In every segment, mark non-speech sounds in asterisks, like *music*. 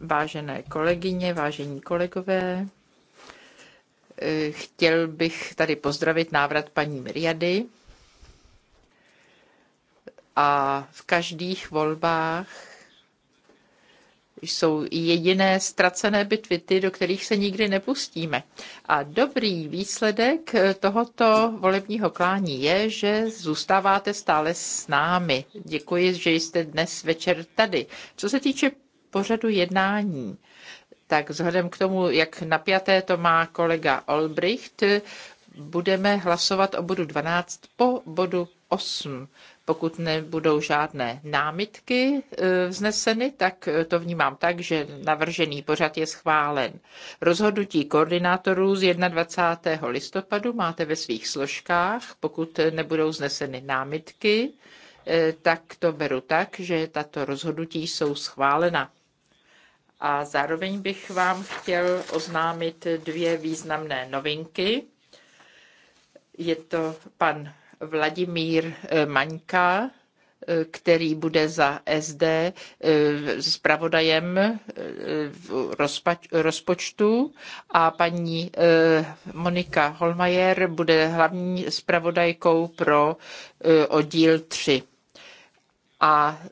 Vážené kolegyně, vážení kolegové, eh, chtěl bych tady pozdravit návrat paní Miriady a v každých volbách jsou jediné ztracené bitvy, ty, do kterých se nikdy nepustíme. A dobrý výsledek eh, tohoto volebního klání je, že zůstáváte stále s námi. Děkuji, že jste dnes večer tady. Co se týče pořadu jednání, tak vzhledem k tomu, jak napjaté to má kolega Olbricht, budeme hlasovat o bodu 12 po bodu 8. Pokud nebudou žádné námitky e, vzneseny, tak e, to vnímám tak, že navržený pořad je schválen. Rozhodnutí koordinátorů z 21. listopadu máte ve svých složkách. Pokud nebudou vzneseny námitky, e, tak to beru tak, že tato rozhodnutí jsou schválena. A zároveň bych vám chtěl oznámit dvě významné novinky. Je to pan Vladimír eh, Maňka, eh, který bude za SD eh, zpravodajem rozpočtu a paní Monika Holmajer bude hlavní zpravodajkou pro oddíl 3. A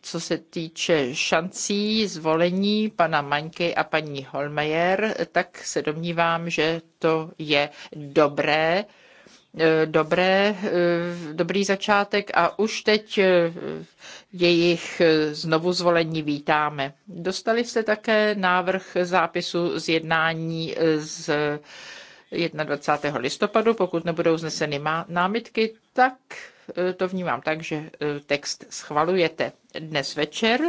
co se týče šancí zvolení pana Maňky a paní Holmajer, tak se domnívám, že to je dobré Eh, dobré, eh, dobrý začátek a už teď eh, jejich znovu zvolení vítáme. Dostali jste také návrh zápisu z jednání z 21. listopadu. Pokud nebudou zneseny námitky, tak to vnímám tak, že text schvalujete. Dnes večer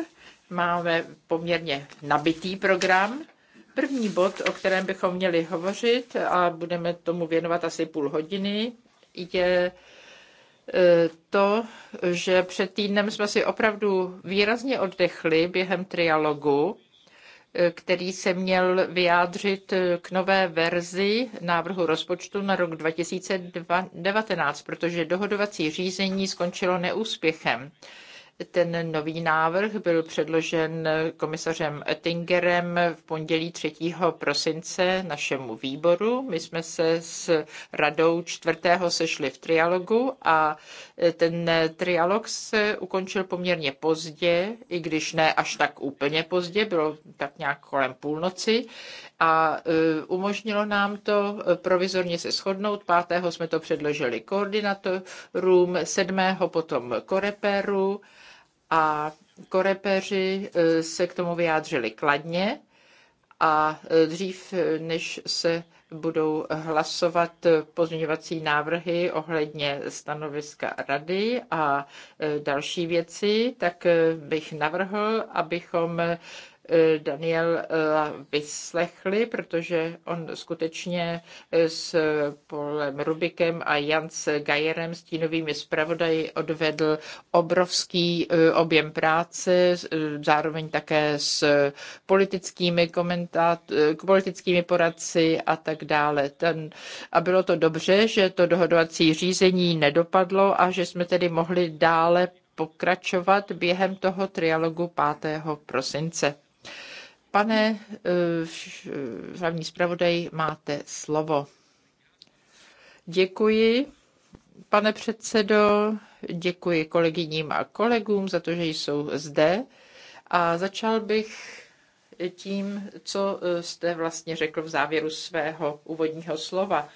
máme poměrně nabitý program. První bod, o kterém bychom měli hovořit, a budeme tomu věnovat asi půl hodiny, je e, to, že před týdnem jsme si opravdu výrazně oddechli během trialogu, e, který se měl vyjádřit k nové verzi návrhu rozpočtu na rok 2019, protože dohodovací řízení skončilo neúspěchem. Ten nový návrh byl předložen komisařem Ettingerem v pondělí 3. prosince našemu výboru. My jsme se s radou 4. sešli v trialogu a ten trialog se ukončil poměrně pozdě, i když ne až tak úplně pozdě, bylo tak nějak kolem půlnoci a e, umožnilo nám to provizorně se shodnout. 5. jsme to předložili koordinátorům, 7. potom koreperu, a korepeři e, se k tomu vyjádřili kladně a e, dřív, e, než se budou hlasovat pozměňovací návrhy ohledně stanoviska rady a další věci, tak bych navrhl, abychom Eh, Daniel eh, vyslechli, protože on skutečně eh, s Polem Rubikem a Jans Gajerem, stínovými zpravodaji, odvedl obrovský objem práce, zároveň také s politickými, komentát, politickými poradci a tak dále. Ten, a bylo to dobře, že to dohodovací řízení nedopadlo a že jsme tedy mohli dále pokračovat během toho trialogu 5. prosince. Pane eh, eh, hlavní zpravodaj, máte slovo. Děkuji, pane předsedo, děkuji kolegyním a kolegům za to, že jsou zde. A začal bych tím, co eh, jste vlastně řekl v závěru svého úvodního slova.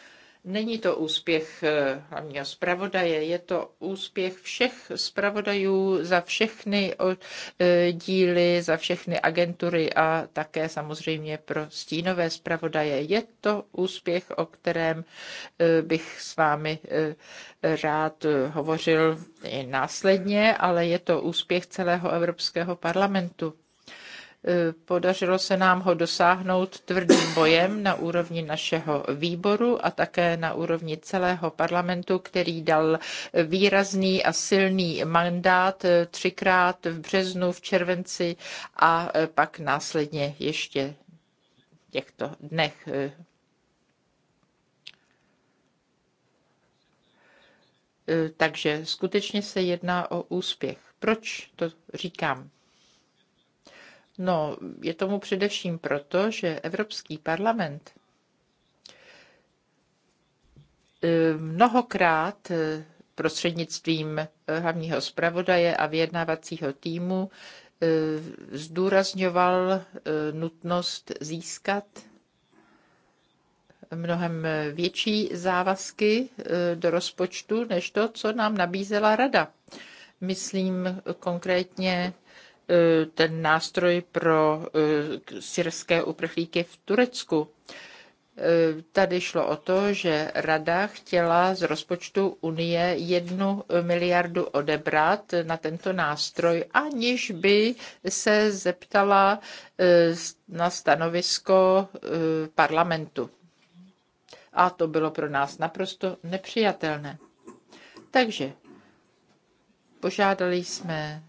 Není to úspěch eh, hlavního zpravodaje, je to úspěch všech zpravodajů za všechny eh, díly, za všechny agentury a také samozřejmě pro stínové zpravodaje. Je to úspěch, o kterém eh, bych s vámi rád hovořil i následně, ale je to úspěch celého Evropského parlamentu. E, podařilo se nám ho dosáhnout tvrdým bojem na úrovni našeho výboru a také na úrovni celého parlamentu, který dal výrazný a silný mandát e, třikrát v březnu, v červenci a e, pak následně ještě v těchto dnech. Takže skutečně se jedná o úspěch. Proč to říkám? No, je tomu především proto, že Evropský parlament eh, mnohokrát eh, prostřednictvím eh, hlavního zpravodaje a vyjednávacího týmu zdůrazňoval nutnost získat mnohem větší závazky do rozpočtu než to, co nám nabízela rada. Myslím konkrétně E, ten nástroj pro e, syrské uprchlíky v Turecku. E, tady šlo o to, že rada chtěla z rozpočtu Unie jednu miliardu odebrat na tento nástroj, aniž by se zeptala na stanovisko parlamentu. A to bylo pro nás naprosto nepřijatelné. Takže požádali jsme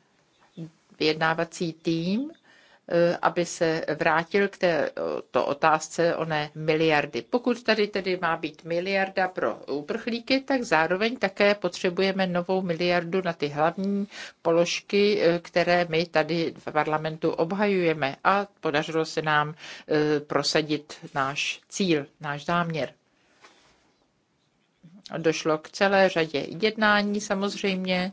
vyjednávací tým, eh, aby se vrátil k této eh, otázce o ne miliardy. Pokud tady tedy má být miliarda pro uprchlíky, tak zároveň také potřebujeme novou miliardu na ty hlavní položky, eh, které my tady v parlamentu obhajujeme a podařilo se nám prosadit náš cíl, náš záměr. Došlo k celé řadě jednání samozřejmě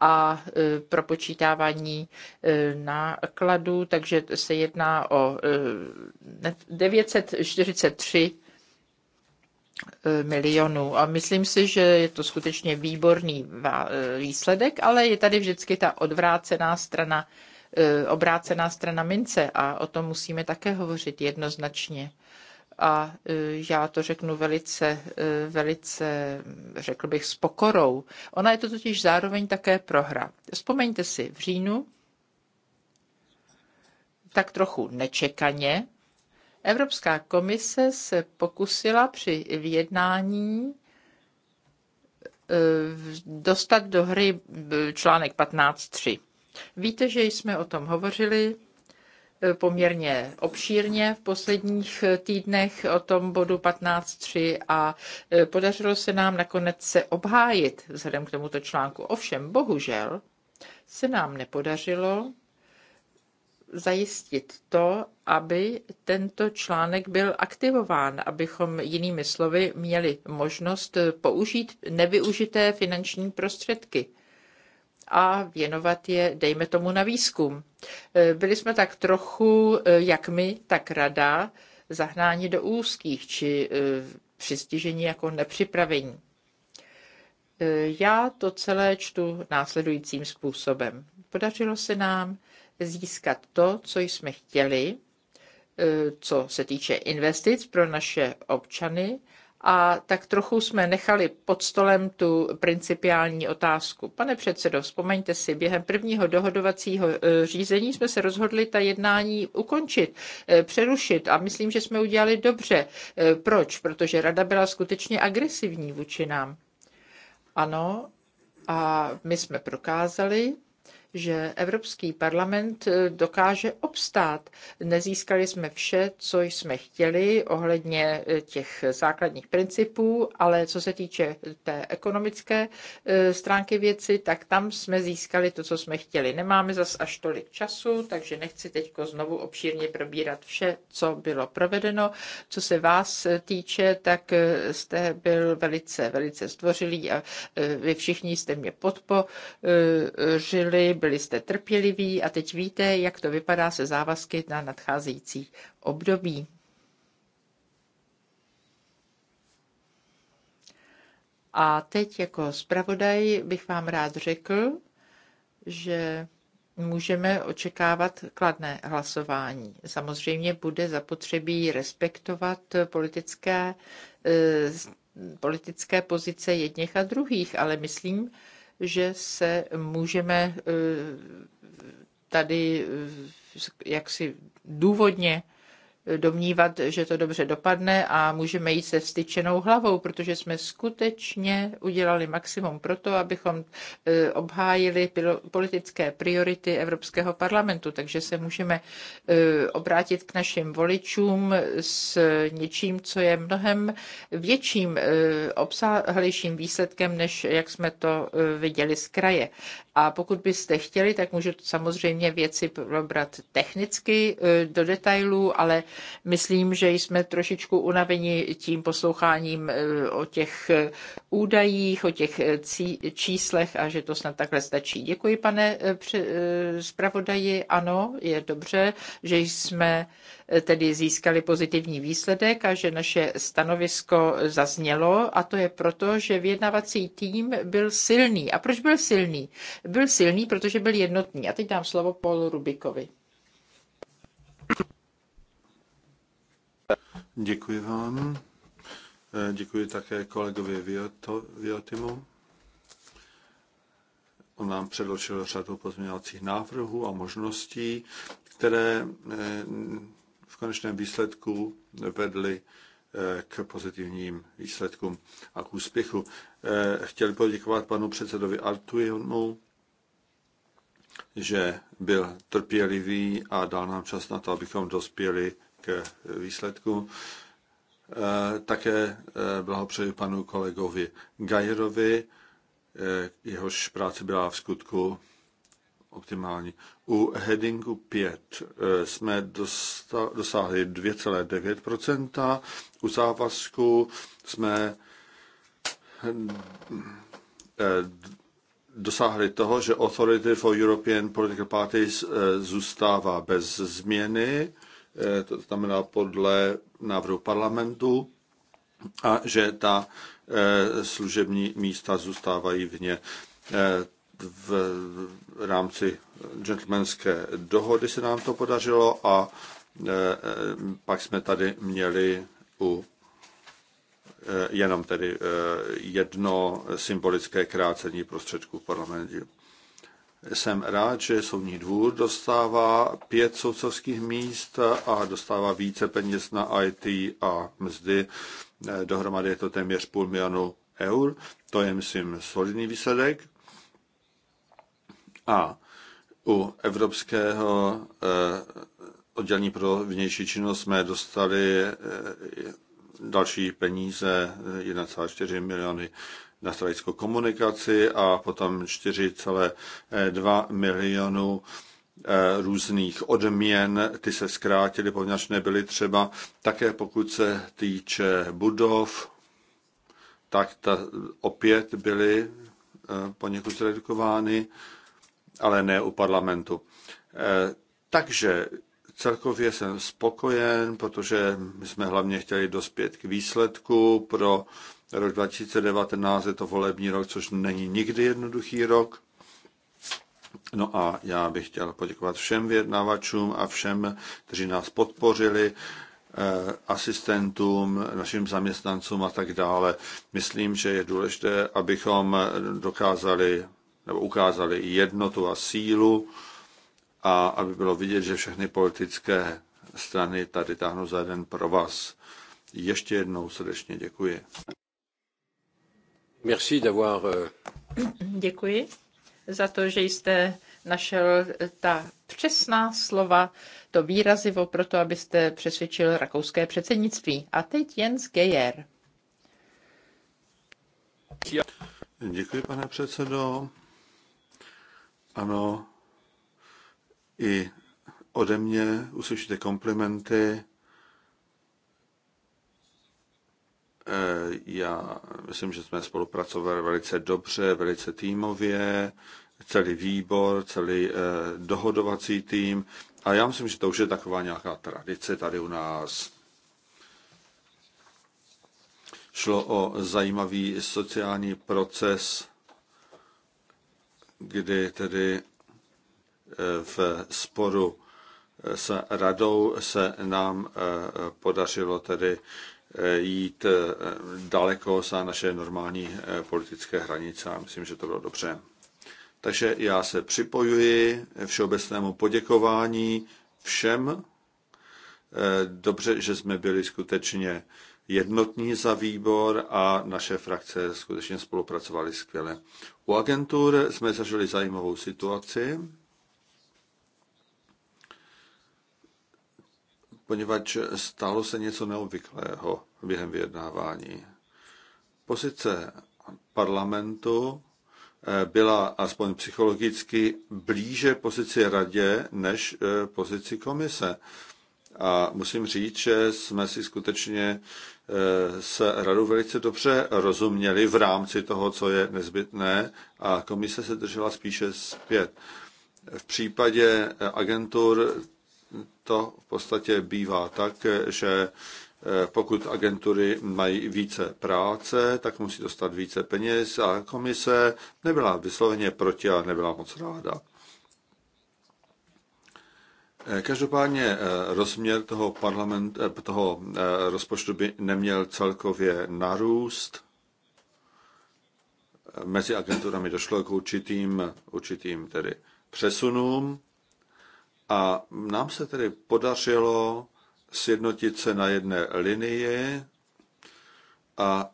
a e, propočítávání e, nákladů, takže se jedná o 943 e, milionů. A myslím si, že je to skutečně výborný výsledek, ale je tady vždycky ta odvrácená strana, obrácená strana mince a o tom musíme také hovořit jednoznačně a e, já to řeknu velice, e, velice, řekl bych, s pokorou. Ona je to totiž zároveň také prohra. Vzpomeňte si, v říjnu tak trochu nečekaně, Evropská komise se pokusila při vyjednání e, dostat do hry článek 15.3. Víte, že jsme o tom hovořili poměrně obšírně v posledních eh, týdnech o tom bodu 15.3 a eh, podařilo se nám nakonec se obhájit vzhledem k tomuto článku. Ovšem, bohužel, se nám nepodařilo zajistit to, aby tento článek byl aktivován, abychom jinými slovy měli možnost eh, použít nevyužité finanční prostředky a věnovat je, dejme tomu, na výzkum. Eh, byli jsme tak trochu, eh, jak my, tak rada, zahnáni do úzkých či eh, přistižení jako nepřipravení. Já to celé čtu následujícím způsobem. Podařilo se nám získat to, co jsme chtěli, co se týče investic pro naše občany a tak trochu jsme nechali pod stolem tu principiální otázku. Pane předsedo, vzpomeňte si, během prvního dohodovacího e, řízení jsme se rozhodli ta jednání ukončit, e, přerušit a myslím, že jsme udělali dobře. E, proč? Protože rada byla skutečně agresivní vůči nám. Ano, a my jsme prokázali, že Evropský parlament eh, dokáže obstát. Nezískali jsme vše, co jsme chtěli ohledně eh, těch základních principů, ale co se týče eh, té ekonomické stránky věci, tak tam jsme získali to, co jsme chtěli. Nemáme zas až tolik času, takže nechci teď znovu obšírně probírat vše, co bylo provedeno. Co se vás týče, tak jste byl velice, velice zdvořilý a vy všichni jste mě podpořili byli jste trpěliví a teď víte, jak to vypadá se závazky na nadcházející období. A teď jako zpravodaj bych vám rád řekl, že můžeme očekávat kladné hlasování. Samozřejmě bude zapotřebí respektovat politické, eh, politické pozice jedněch a druhých, ale myslím, že se můžeme eh, tady eh, jaksi důvodně domnívat, že to dobře dopadne a můžeme jít se styčenou hlavou, protože jsme skutečně udělali maximum pro to, abychom e, obhájili politické priority Evropského parlamentu, takže se můžeme e, obrátit k našim voličům s něčím, co je mnohem větším, e, obsáhlejším výsledkem, než jak jsme to viděli z kraje. A pokud byste chtěli, tak můžu samozřejmě věci probrat technicky eh, do detailů, ale myslím, že jsme trošičku unaveni tím posloucháním eh, o těch eh, údajích, o těch číslech a že to snad takhle stačí. Děkuji, pane zpravodaji. Ano, je dobře, že jsme tedy získali pozitivní výsledek a že naše stanovisko zaznělo a to je proto, že vyjednavací tým byl silný. A proč byl silný? Byl silný, protože byl jednotný. A teď dám slovo Paulu Rubikovi. Děkuji vám. Eh, děkuji také kolegovi Viotimu. On nám předložil řadu pozměňovacích návrhů a možností, které eh, konečném výsledku vedly eh, k pozitivním výsledkům a k úspěchu. Eh, Chtěl poděkovat panu předsedovi Artujemu, že byl trpělivý a dal nám čas na to, abychom dospěli k výsledku. Eh, také blahopřeji panu kolegovi Gajerovi, jehož práce byla v skutku optimální. U headingu 5 eh, jsme dosáhli 2,9%, u závazku jsme eh, dosáhli toho, že Authority for European Political Parties eh, zůstává bez změny, to znamená podle návrhu parlamentu, a že ta služební místa zůstávají vně v rámci gentlemanské dohody se nám to podařilo a e, e, pak jsme tady měli u e, jenom tedy jedno symbolické krácení prostředků v parlamentu. Jsem rád, že soudní dvůr dostává pět soudcovských míst a dostává více peněz na IT a mzdy. Dohromady je to téměř půl milionu eur. To je, myslím, solidný výsledek. A u Evropského eh, oddělení pro vnější činnost jsme dostali eh, další peníze, 1,4 eh, miliony na strategickou komunikaci a potom 4,2 milionů různých odměn, ty se zkrátily, poněvadž nebyly třeba. Také pokud se týče budov, tak ta opět byly poněkud redukovány ale ne u parlamentu. E, takže celkově jsem spokojen, protože my jsme hlavně chtěli dospět k výsledku pro rok 2019, je to volební rok, což není nikdy jednoduchý rok. No a já bych chtěl poděkovat všem vyjednavačům a všem, kteří nás podpořili, e, asistentům, našim zaměstnancům a tak dále. Myslím, že je důležité, abychom dokázali nebo ukázali jednotu a sílu a aby bylo vidět, že všechny politické strany tady táhnou za jeden pro vás. Ještě jednou srdečně děkuji. Merci d'avoir... Euh, děkuji za to, že jste našel eh, ta přesná slova, to výrazivo pro to, abyste přesvědčil rakouské předsednictví. A teď Jens Geyer. Děkuji, pane předsedo. Ano, i ode mě uslyšíte komplimenty. E, já myslím, že jsme spolupracovali velice dobře, velice týmově, celý výbor, celý e, dohodovací tým. A já myslím, že to už je taková nějaká tradice tady u nás. Šlo o zajímavý sociální proces, kdy tedy eh, v sporu eh, s radou se nám eh, podařilo tedy jít daleko za naše normální politické hranice a myslím, že to bylo dobře. Takže já se připojuji všeobecnému poděkování všem. Dobře, že jsme byli skutečně jednotní za výbor a naše frakce skutečně spolupracovaly skvěle. U agentur jsme zažili zajímavou situaci, poněvadž stalo se něco neobvyklého během vyjednávání. Pozice parlamentu eh, byla aspoň psychologicky blíže pozici radě než eh, pozici komise. A musím říct, že jsme si skutečně Eh, se radou velice dobře rozuměli v rámci toho, co je nezbytné a komise se držela spíše zpět. V případě eh, agentur to v podstatě bývá tak, že eh, pokud agentury mají více práce, tak musí dostat více peněz a komise nebyla vysloveně proti a nebyla moc ráda. Eh, každopádně eh, rozměr toho, parlament, eh, toho rozpočtu by neměl celkově narůst. Mezi agenturami došlo k určitým, určitým tedy přesunům a nám se tedy podařilo sjednotit se na jedné linii a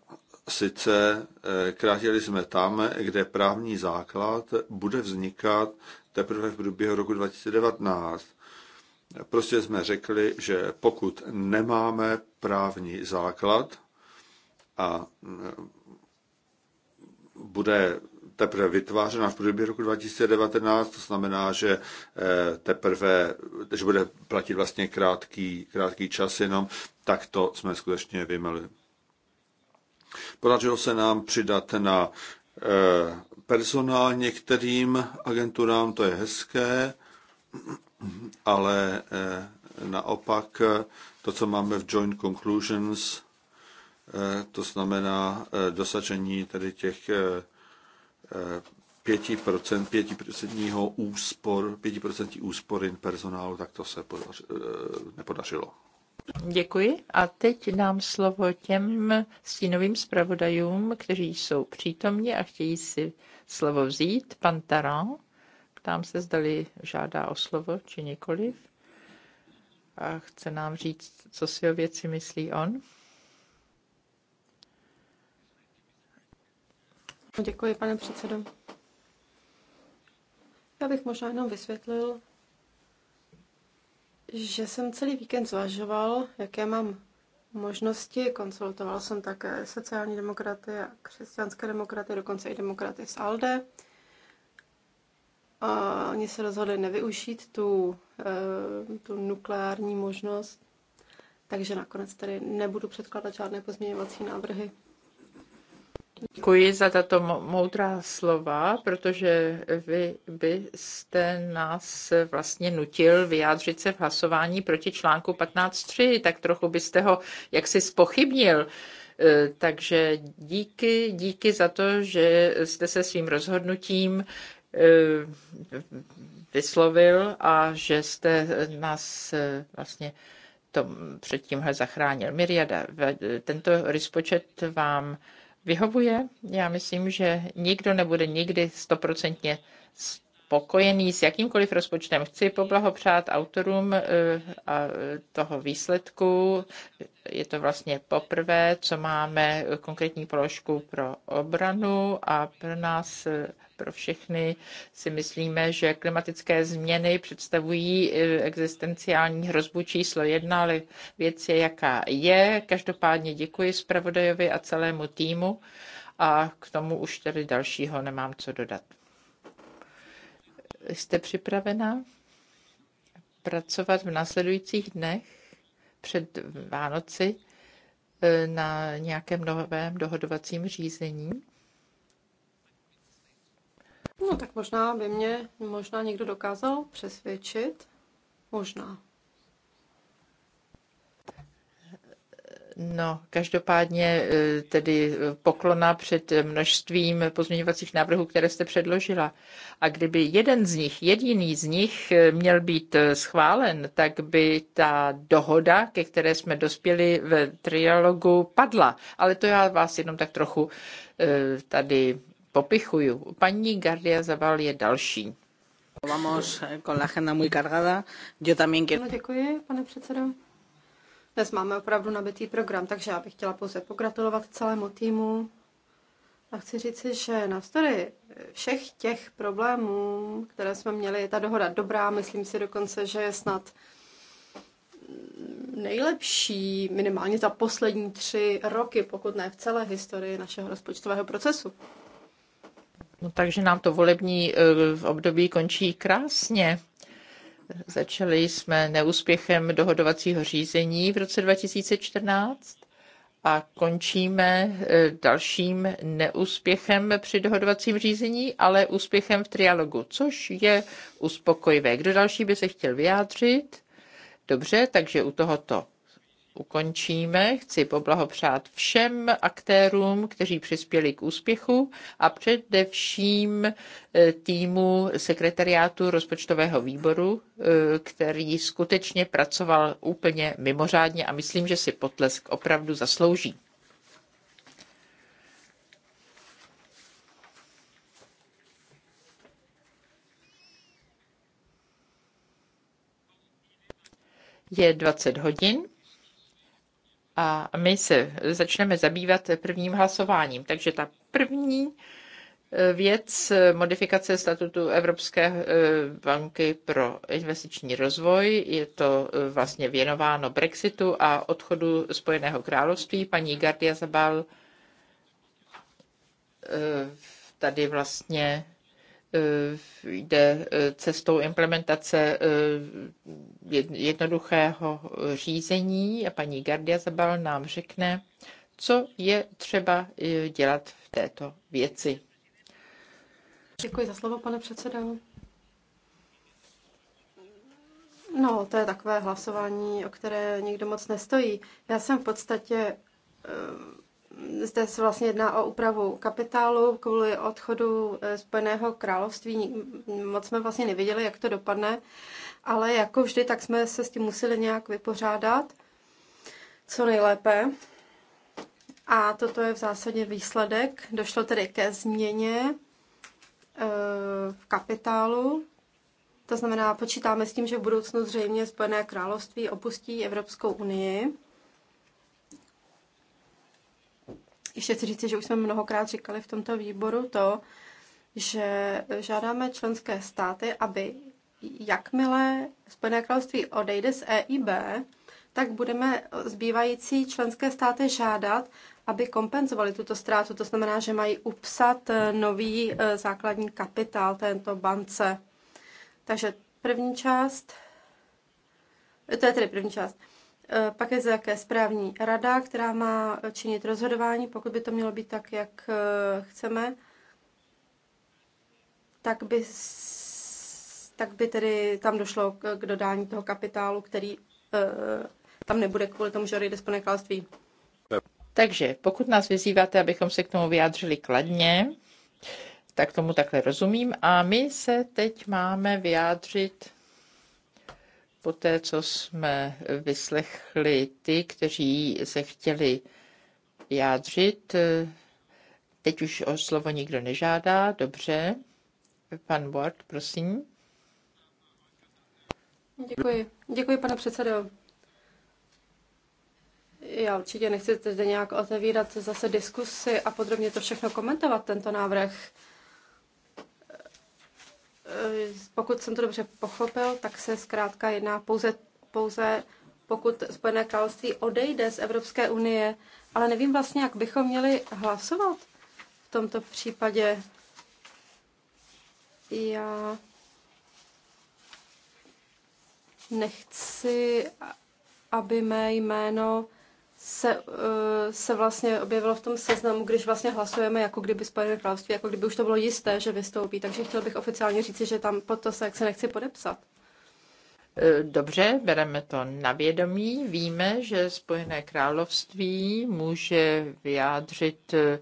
sice krátili jsme tam, kde právní základ bude vznikat teprve v průběhu roku 2019 Prostě jsme řekli, že pokud nemáme právní základ a e, bude teprve vytvářena v průběhu roku 2019, to znamená, že e, teprve, že bude platit vlastně krátký, krátký čas jenom, tak to jsme skutečně vymeli. Podařilo se nám přidat na e, personál některým agenturám, to je hezké, ale eh, naopak eh, to, co máme v Joint Conclusions, eh, to znamená dosažení tedy těch 5%, 5% úspor, in úspory personálu, tak to se nepodařilo. Děkuji a teď dám slovo těm stínovým zpravodajům, kteří jsou přítomni a chtějí si slovo vzít. Pan Taran. Ptám se, zdali žádá o slovo, či nikoliv. A chce nám říct, co si o věci myslí on. Děkuji, pane předsedo. Já bych možná jenom vysvětlil, že jsem celý víkend zvažoval, jaké mám možnosti. Konsultoval jsem také sociální demokraty a křesťanské demokraty, dokonce i demokraty z ALDE a oni se rozhodli nevyužít tu, eh, tu nukleární možnost, takže nakonec tady nebudu předkládat žádné pozměňovací návrhy. Děkuji za tato moudrá slova, protože vy byste nás vlastně nutil vyjádřit se v hlasování proti článku 15.3, tak trochu byste ho jaksi spochybnil. Eh, takže díky, díky za to, že jste se svým rozhodnutím Eh, vyslovil a že jste nás eh, vlastně to před tímhle zachránil. Miriada, tento rozpočet vám vyhovuje? Já myslím, že nikdo nebude nikdy stoprocentně spokojený s jakýmkoliv rozpočtem. Chci poblahopřát autorům eh, a toho výsledku. Je to vlastně poprvé, co máme konkrétní položku pro obranu a pro nás pro všechny si myslíme, že klimatické změny představují e, existenciální hrozbu číslo jedna, ale věc je, jaká je. Každopádně děkuji zpravodajovi a celému týmu a k tomu už tedy dalšího nemám co dodat. Jste připravena pracovat v následujících dnech před Vánoci e, na nějakém novém dohodovacím řízení? No tak možná by mě možná někdo dokázal přesvědčit. Možná. No, každopádně e, tedy e, poklona před množstvím pozměňovacích návrhů, které jste předložila. A kdyby jeden z nich, jediný z nich e, měl být schválen, tak by ta dohoda, ke které jsme dospěli v trialogu, padla. Ale to já vás jenom tak trochu tady popichuju. Paní Gardia Zaval je další. Vamos eh, con la agenda muy cargada. Yo también quiero... No, děkuji, pane předsedo. Dnes máme opravdu nabitý program, takže já bych chtěla pouze pogratulovat celému týmu. A chci říci, že navzdory všech těch problémů, které jsme měli, je ta dohoda dobrá. Myslím si dokonce, že je snad nejlepší minimálně za poslední tři roky, pokud ne v celé historii našeho rozpočtového procesu. No, takže nám to volební eh, období končí krásně. Začali jsme neúspěchem dohodovacího řízení v roce 2014 a končíme eh, dalším neúspěchem při dohodovacím řízení, ale úspěchem v trialogu, což je uspokojivé. Kdo další by se chtěl vyjádřit? Dobře, takže u tohoto ukončíme. Chci poblahopřát všem aktérům, kteří přispěli k úspěchu a především eh, týmu sekretariátu rozpočtového výboru, eh, který skutečně pracoval úplně mimořádně a myslím, že si potlesk opravdu zaslouží. Je 20 hodin a my se začneme zabývat prvním hlasováním. Takže ta první eh, věc modifikace statutu Evropské eh, banky pro investiční rozvoj. Je to eh, vlastně věnováno Brexitu a odchodu Spojeného království. Paní Gardia Zabal tady vlastně Eh, jde eh, cestou implementace eh, jednoduchého řízení a paní Gardia Zabal nám řekne, co je třeba dělat v této věci. Děkuji za slovo, pane předsedo. No, to je takové hlasování, o které nikdo moc nestojí. Já jsem v podstatě zde se vlastně jedná o úpravu kapitálu kvůli odchodu eh, Spojeného království. Moc jsme vlastně nevěděli, jak to dopadne, ale jako vždy, tak jsme se s tím museli nějak vypořádat co nejlépe. A toto je v zásadě výsledek. Došlo tedy ke změně eh, v kapitálu. To znamená, počítáme s tím, že v budoucnu zřejmě Spojené království opustí Evropskou unii. Ještě chci říct, že už jsme mnohokrát říkali v tomto výboru to, že žádáme členské státy, aby jakmile Spojené království odejde z EIB, tak budeme zbývající členské státy žádat, aby kompenzovali tuto ztrátu. To znamená, že mají upsat eh, nový eh, základní kapitál této bance. Takže první část, to je tedy první část. E, pak je zde také správní rada, která má činit rozhodování, pokud by to mělo být tak, jak e, chceme, tak by, tak by tedy tam došlo k, dodání toho kapitálu, který e, tam nebude kvůli tomu, že odejde z Takže pokud nás vyzýváte, abychom se k tomu vyjádřili kladně, tak tomu takhle rozumím. A my se teď máme vyjádřit Poté, co jsme vyslechli ty, kteří se chtěli jádřit, teď už o slovo nikdo nežádá, dobře. Pan Ward, prosím. Děkuji. Děkuji, pane předsedo. Já určitě nechci zde nějak otevírat zase diskusy a podrobně to všechno komentovat, tento návrh. Eh, pokud jsem to dobře pochopil, tak se zkrátka jedná pouze, pouze pokud Spojené království odejde z Evropské unie, ale nevím vlastně, jak bychom měli hlasovat v tomto případě. Já nechci, aby mé jméno se, eh, se vlastně objevilo v tom seznamu, když vlastně hlasujeme, jako kdyby Spojené království, jako kdyby už to bylo jisté, že vystoupí. Takže chtěl bych oficiálně říci, že tam pod to se, jak se nechci podepsat. Eh, dobře, bereme to na vědomí. Víme, že Spojené království může vyjádřit eh,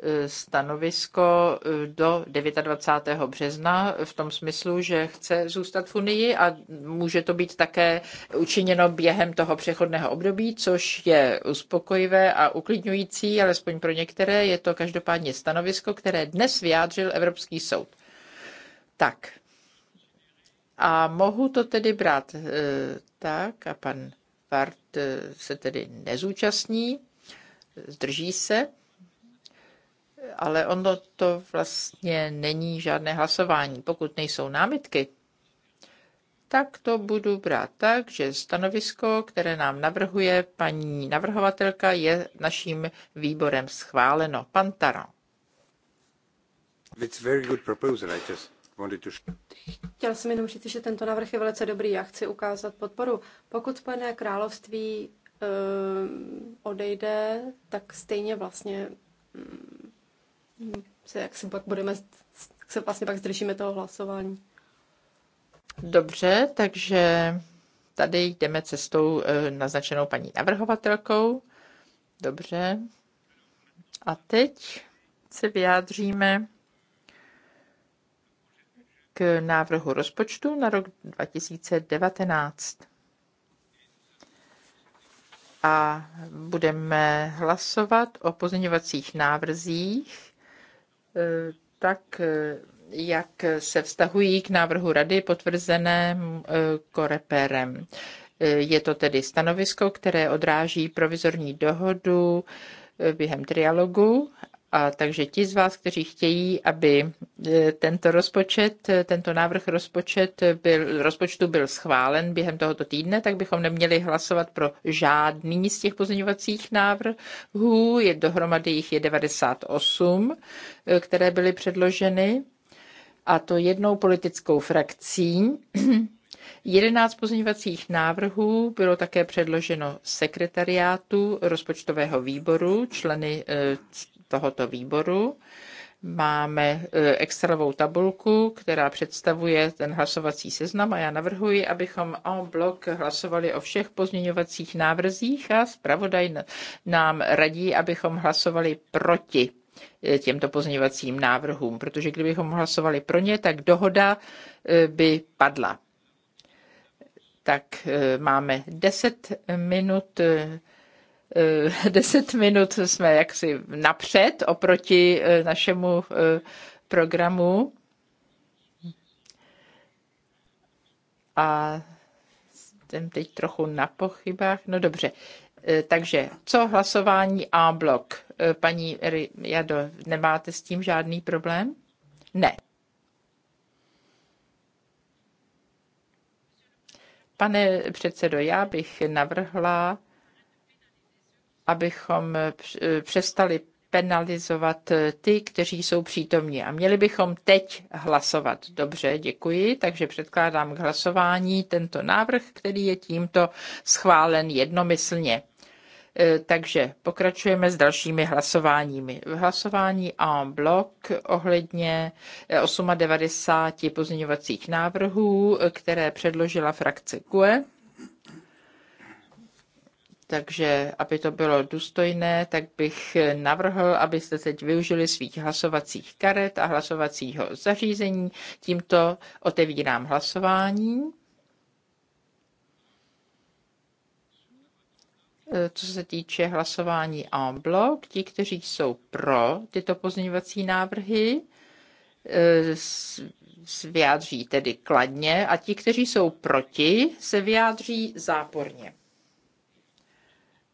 Eh, stanovisko eh, do 29. března v tom smyslu, že chce zůstat v Unii a může to být také učiněno během toho přechodného období, což je uspokojivé a uklidňující, alespoň pro některé. Je to každopádně stanovisko, které dnes vyjádřil Evropský soud. Tak. A mohu to tedy brát eh, tak, a pan Vart se tedy nezúčastní, zdrží se ale ono to vlastně není žádné hlasování. Pokud nejsou námitky, tak to budu brát tak, že stanovisko, které nám navrhuje paní navrhovatelka, je naším výborem schváleno. Pan Taran. To... Chtěl jsem jenom říct, že tento návrh je velice dobrý. Já chci ukázat podporu. Pokud Spojené království um, odejde, tak stejně vlastně um, se, jak se pak budeme, jak se vlastně pak zdržíme toho hlasování. Dobře, takže tady jdeme cestou eh, naznačenou paní navrhovatelkou. Dobře. A teď se vyjádříme k návrhu rozpočtu na rok 2019. A budeme hlasovat o pozměňovacích návrzích Eh, tak eh, jak se vztahují k návrhu rady potvrzeném mm, eh, koreperem. Je to tedy stanovisko, které odráží provizorní dohodu během trialogu a takže ti z vás, kteří chtějí, aby e, tento rozpočet, e, tento návrh rozpočet byl, rozpočtu byl schválen během tohoto týdne, tak bychom neměli hlasovat pro žádný z těch pozměňovacích návrhů. Je dohromady jich je 98, e, které byly předloženy a to jednou politickou frakcí. 11 *clears throat* pozměňovacích návrhů bylo také předloženo sekretariátu rozpočtového výboru, členy tohoto výboru máme e, excelovou tabulku, která představuje ten hlasovací seznam a já navrhuji, abychom en blok hlasovali o všech pozměňovacích návrzích a zpravodaj nám radí, abychom hlasovali proti e, těmto pozměňovacím návrhům, protože kdybychom hlasovali pro ně, tak dohoda e, by padla. Tak máme 10 minut Eh, *laughs* deset minut jsme jaksi napřed oproti eh, našemu eh, programu. A jsem teď trochu na pochybách. No dobře, takže co hlasování A blok? Paní Jado, nemáte s tím žádný problém? Ne. Pane předsedo, já bych navrhla, abychom eh, eh, přestali penalizovat eh, ty, kteří jsou přítomní. A měli bychom teď hlasovat. Dobře, děkuji. Takže předkládám k hlasování tento návrh, který je tímto schválen jednomyslně. Takže pokračujeme s dalšími hlasováními. V hlasování a blok ohledně 98 pozměňovacích návrhů, které předložila frakce QE. Takže, aby to bylo důstojné, tak bych navrhl, abyste teď využili svých hlasovacích karet a hlasovacího zařízení. Tímto otevírám hlasování. E, co se týče hlasování en bloc, ti, kteří jsou pro tyto pozměňovací návrhy, e, vyjádří tedy kladně a ti, kteří jsou proti, se vyjádří záporně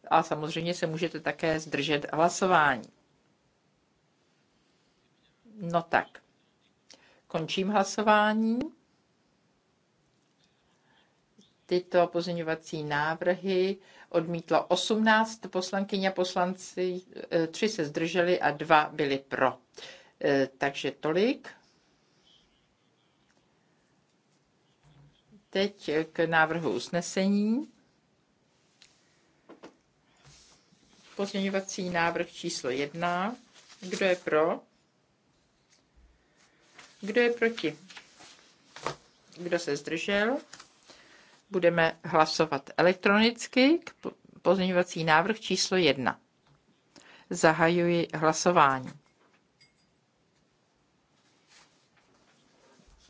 a samozřejmě se můžete také zdržet hlasování. No tak, končím hlasování. Tyto pozměňovací návrhy odmítlo 18 poslankyň a poslanci, eh, tři se zdrželi a dva byli pro. Eh, takže tolik. Teď k návrhu usnesení. Pozměňovací návrh číslo 1. Kdo je pro? Kdo je proti? Kdo se zdržel? Budeme hlasovat elektronicky k pozměňovací návrh číslo 1. Zahajuji hlasování.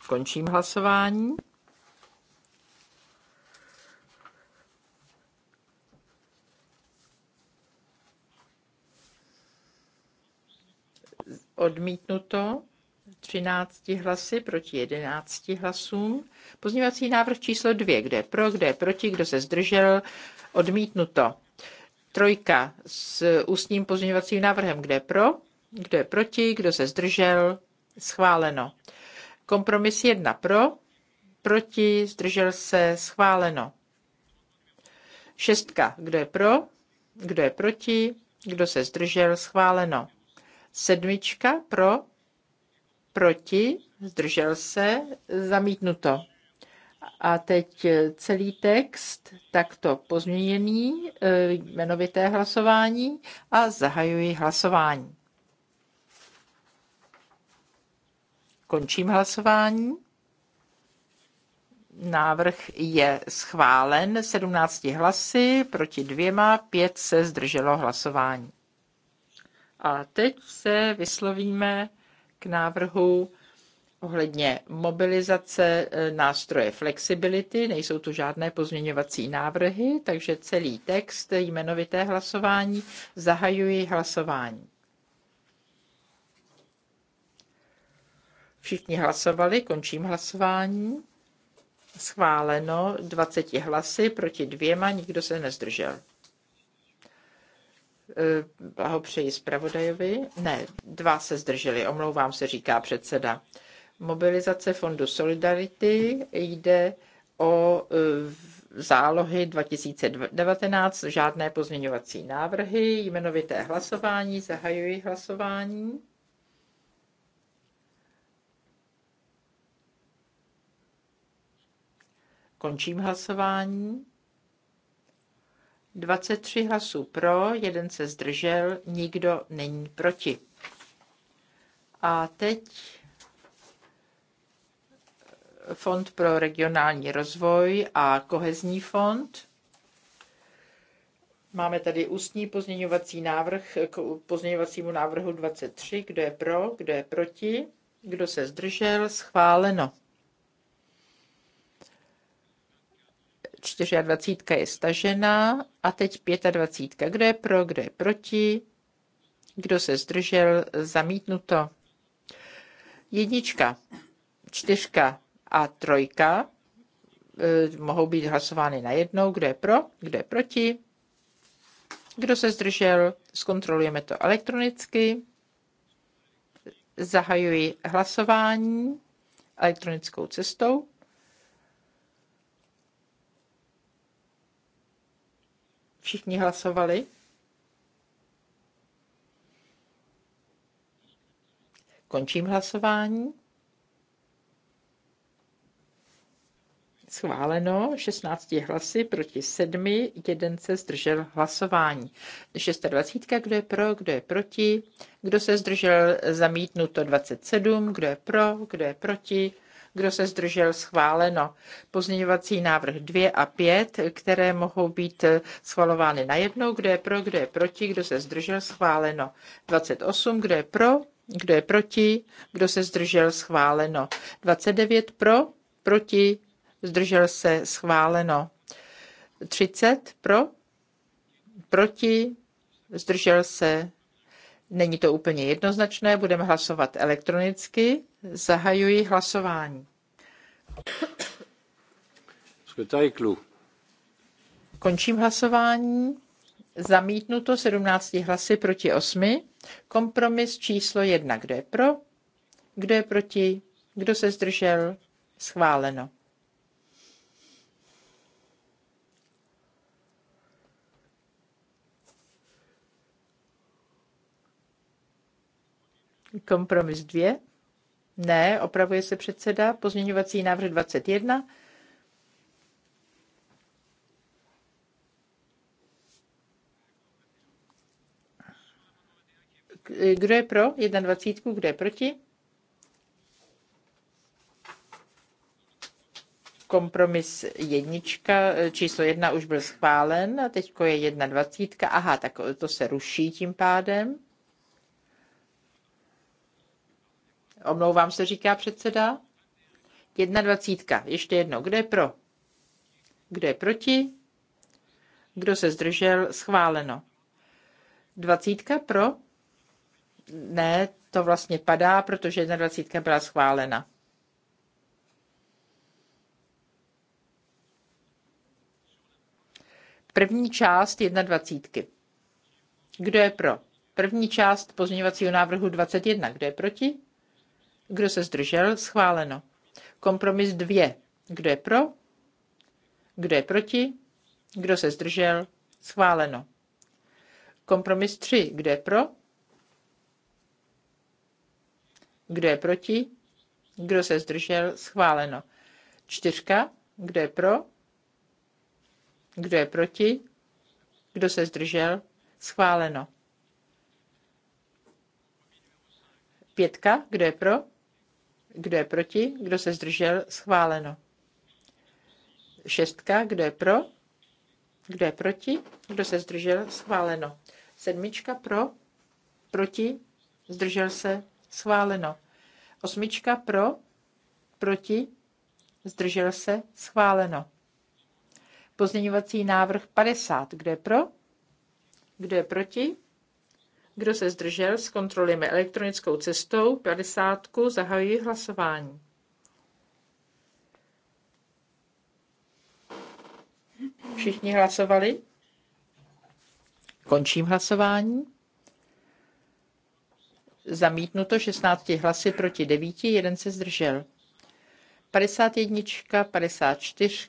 Končím hlasování. Odmítnuto 13 hlasy proti 11 hlasům. Pozměňovací návrh číslo 2, kde je pro, kde je proti, kdo se zdržel, odmítnuto. Trojka s ústním pozměňovacím návrhem, kde je pro, kdo je proti, kdo se zdržel, schváleno. Kompromis 1 pro, proti, zdržel se, schváleno. Šestka, kdo je pro, kdo je proti, kdo se zdržel, schváleno. Sedmička pro, proti, zdržel se, zamítnuto. A teď eh, celý text, takto pozměněný, eh, jmenovité hlasování a zahajuji hlasování. Končím hlasování. Návrh je schválen 17 hlasy proti dvěma, pět se zdrželo hlasování. A teď se vyslovíme k návrhu ohledně mobilizace e, nástroje flexibility. Nejsou tu žádné pozměňovací návrhy, takže celý text jmenovité hlasování zahajuji hlasování. Všichni hlasovali, končím hlasování. Schváleno 20 hlasy proti dvěma, nikdo se nezdržel. Blahopřeji eh, zpravodajovi. Ne, dva se zdrželi, omlouvám se, říká předseda. Mobilizace Fondu Solidarity jde o eh, zálohy 2019, žádné pozměňovací návrhy, jmenovité hlasování, zahajuji hlasování. Končím hlasování. 23 hlasů pro, jeden se zdržel, nikdo není proti. A teď Fond pro regionální rozvoj a kohezní fond. Máme tady ústní pozměňovací návrh k pozměňovacímu návrhu 23. Kdo je pro, kdo je proti, kdo se zdržel, schváleno. 24 je stažena a teď 25. Kdo je pro, kdo je proti? Kdo se zdržel? Zamítnuto. Jednička, čtyřka a trojka e, mohou být hlasovány jednou. Kdo je pro, kdo je proti? Kdo se zdržel? Zkontrolujeme to elektronicky. Zahajuji hlasování elektronickou cestou. Všichni hlasovali? Končím hlasování. Schváleno 16 hlasy proti 7, jeden se zdržel hlasování. 26, kdo je pro, kdo je proti, kdo se zdržel zamítnuto 27, kdo je pro, kdo je proti, kdo se zdržel? Schváleno. Pozměňovací návrh 2 a 5, které mohou být eh, schvalovány najednou. Kdo je pro, kdo je proti, kdo se zdržel? Schváleno. 28, kdo je pro, kdo je proti, kdo se zdržel? Schváleno. 29 pro, proti, zdržel se? Schváleno. 30 pro, proti, zdržel se? Není to úplně jednoznačné, budeme hlasovat elektronicky. Zahajuji hlasování. Končím hlasování. Zamítnuto 17 hlasy proti 8. Kompromis číslo 1. Kdo je pro? Kdo je proti? Kdo se zdržel? Schváleno. Kompromis 2. Ne, opravuje se předseda. Pozměňovací návrh 21. Kdo je pro 21, kdo je proti? Kompromis jednička, číslo jedna už byl schválen a teďko je 21. Aha, tak to se ruší tím pádem. Omlouvám se, říká předseda. dvacítka. Ještě jedno. Kdo je pro? Kdo je proti? Kdo se zdržel? Schváleno. Dvacítka pro? Ne, to vlastně padá, protože jedna dvacítka byla schválena. První část jedna dvacítky. Kdo je pro? První část pozměňovacího návrhu 21. Kdo je proti? Kdo se zdržel? Schváleno. Kompromis dvě Kdo je pro? Kdo je proti? Kdo se zdržel? Schváleno. Kompromis 3. Kdo je pro? Kdo je proti? Kdo se zdržel? Schváleno. Čtyřka. Kdo je pro? Kdo je proti? Kdo se zdržel? Schváleno. Pětka. Kdo je pro? Kdo je proti? Kdo se zdržel? Schváleno. Šestka. Kdo je pro? Kdo je proti? Kdo se zdržel? Schváleno. Sedmička pro? Proti? Zdržel se? Schváleno. Osmička pro? Proti? Zdržel se? Schváleno. Pozměňovací návrh 50. Kdo je pro? Kdo je proti? Kdo se zdržel, zkontrolujeme elektronickou cestou. 50. Zahajuji hlasování. Všichni hlasovali? Končím hlasování. Zamítnuto 16 hlasy proti 9, jeden se zdržel. 51, 54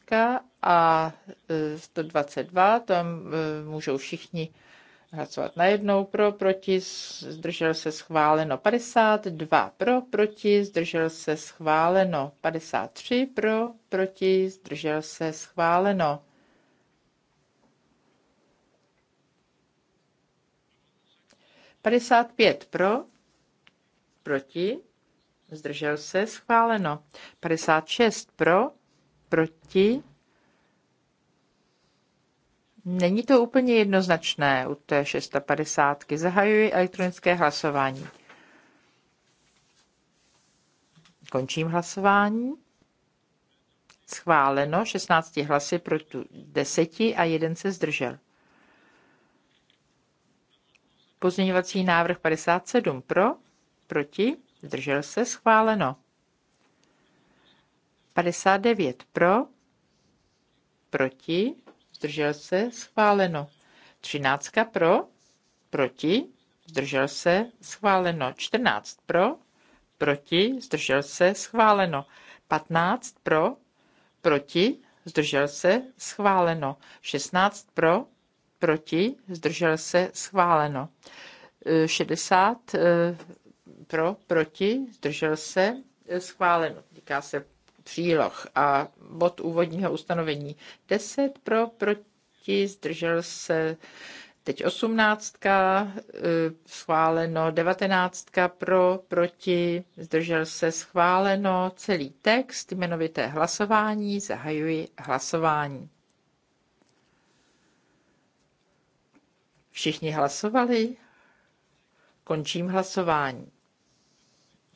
a 122, e, tam e, můžou všichni hlasovat najednou pro, proti, zdržel se schváleno 52, pro, proti, zdržel se schváleno 53, pro, proti, zdržel se schváleno. Padesát pět pro, proti, zdržel se, schváleno. Padesát šest pro, proti, Není to úplně jednoznačné u té 650. Zahajuji elektronické hlasování. Končím hlasování. Schváleno 16 hlasy pro tu 10 a jeden se zdržel. Pozměňovací návrh 57 pro, proti, zdržel se, schváleno. 59 pro, proti, zdržel se, schváleno. 13 pro, proti, zdržel se, schváleno. 14 pro, proti, zdržel se, schváleno. 15 pro, proti, zdržel se, schváleno. 16 pro, proti, zdržel se, schváleno. 60 e, e, pro, proti, zdržel se, e, schváleno. Týká se příloh a bod úvodního ustanovení 10 pro, proti, zdržel se teď 18, eh, schváleno 19 pro, proti, zdržel se schváleno celý text, jmenovité hlasování, zahajuji hlasování. Všichni hlasovali? Končím hlasování.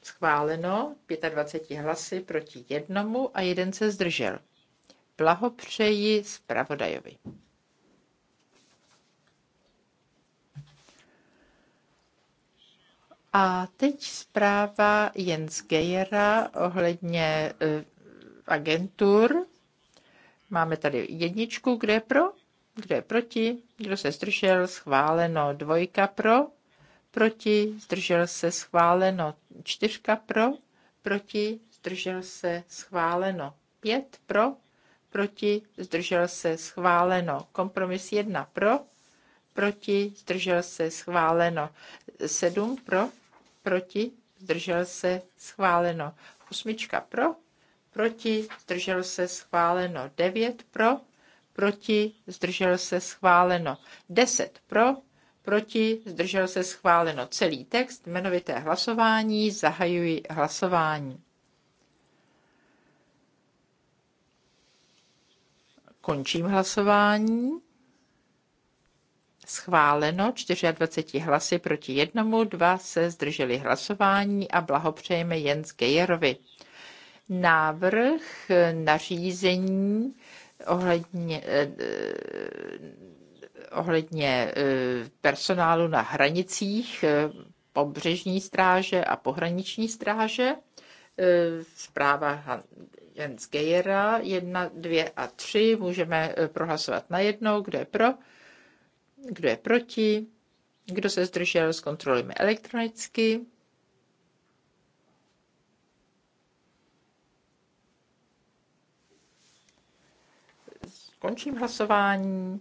Schváleno 25 hlasy proti jednomu a jeden se zdržel. Blahopřeji zpravodajovi. A teď zpráva Jens Gejera ohledně e, agentur. Máme tady jedničku, kde je pro, kde je proti, kdo se zdržel, schváleno, dvojka pro, proti, zdržel se schváleno. Čtyřka pro, proti, zdržel se schváleno. Pět pro, proti, zdržel se schváleno. Kompromis jedna pro, proti, zdržel se schváleno. Sedm pro, proti, zdržel se schváleno. Osmička pro, proti, zdržel se schváleno. Devět pro, proti, zdržel se schváleno. Deset pro, proti, zdržel se schváleno celý text, jmenovité hlasování, zahajuji hlasování. Končím hlasování. Schváleno 24 hlasy proti jednomu, dva se zdrželi hlasování a blahopřejeme Jens Gejerovi. Návrh nařízení ohledně eh, ohledně eh, personálu na hranicích, eh, pobřežní stráže a pohraniční stráže. Eh, zpráva Jens Gejera 1, 2 a 3 můžeme prohlasovat na jednou, kdo je pro, kdo je proti, kdo se zdržel, zkontrolujeme elektronicky. Končím hlasování.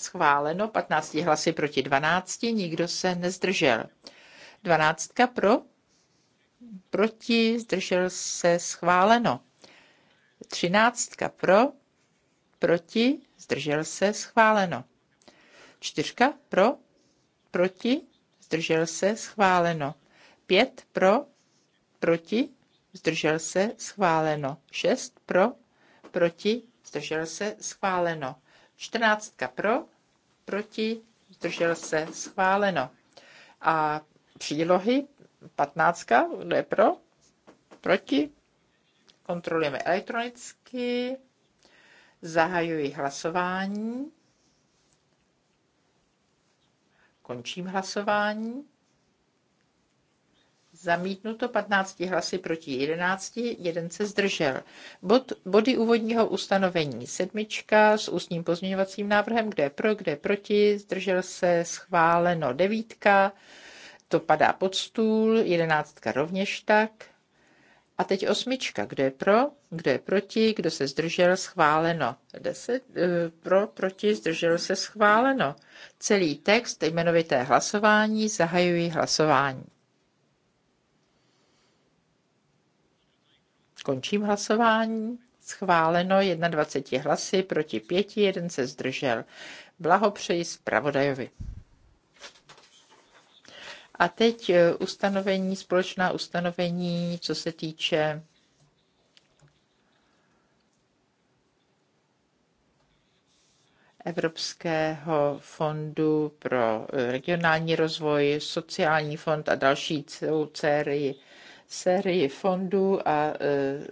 Schváleno 15 hlasy proti 12, nikdo se nezdržel. 12 pro, proti, zdržel se schváleno. 13 pro, proti, zdržel se schváleno. 4 pro, proti, zdržel se schváleno. 5 pro, proti, zdržel se schváleno. 6 pro, proti, zdržel se schváleno. 14 pro, proti, zdržel se, schváleno. A přílohy 15, kdo je pro, proti, kontrolujeme elektronicky, zahajuji hlasování, končím hlasování. Zamítnuto 15 hlasy proti 11, jeden se zdržel. Bod, body úvodního ustanovení sedmička s ústním pozměňovacím návrhem, kde je pro, kde je proti, zdržel se schváleno devítka, to padá pod stůl, jedenáctka rovněž tak. A teď osmička, kdo je pro, kdo je proti, kdo se zdržel, schváleno. Deset eh, pro, proti, zdržel se, schváleno. Celý text, jmenovité hlasování, zahajuji hlasování. Končím hlasování. Schváleno 21 hlasy proti 5, jeden se zdržel. Blahopřeji zpravodajovi. A teď eh, ustanovení, společná ustanovení, co se týče Evropského fondu pro eh, regionální rozvoj, sociální fond a další celou sérii sérii fondů a eh,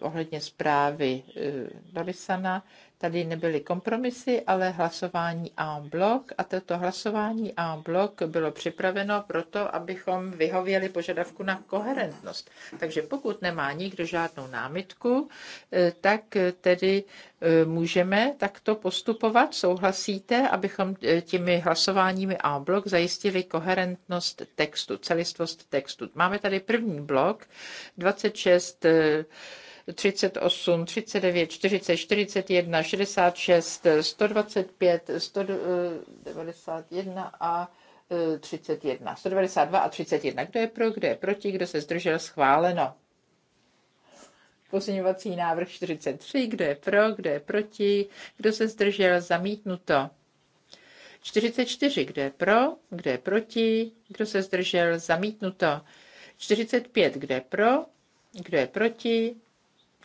ohledně zprávy eh, Dolisana. Tady nebyly kompromisy, ale hlasování en blok a toto hlasování en blok bylo připraveno proto, abychom vyhověli požadavku na koherentnost. Takže pokud nemá nikdo žádnou námitku, eh, tak tedy eh, můžeme takto postupovat. Souhlasíte, abychom eh, těmi hlasováními en blok zajistili koherentnost textu, celistvost textu. Máme tady první blok, 26 38, 39, 40, 41, 66, 125, 191 a 31. E, 192 a 31. Kdo je pro, kdo je proti, kdo se zdržel, schváleno. Pozměňovací návrh 43. Kdo je pro, kdo je proti, kdo se zdržel, zamítnuto. 44. Kdo je pro, kdo je proti, kdo se zdržel, zamítnuto. 45. Kdo je pro, kdo je proti,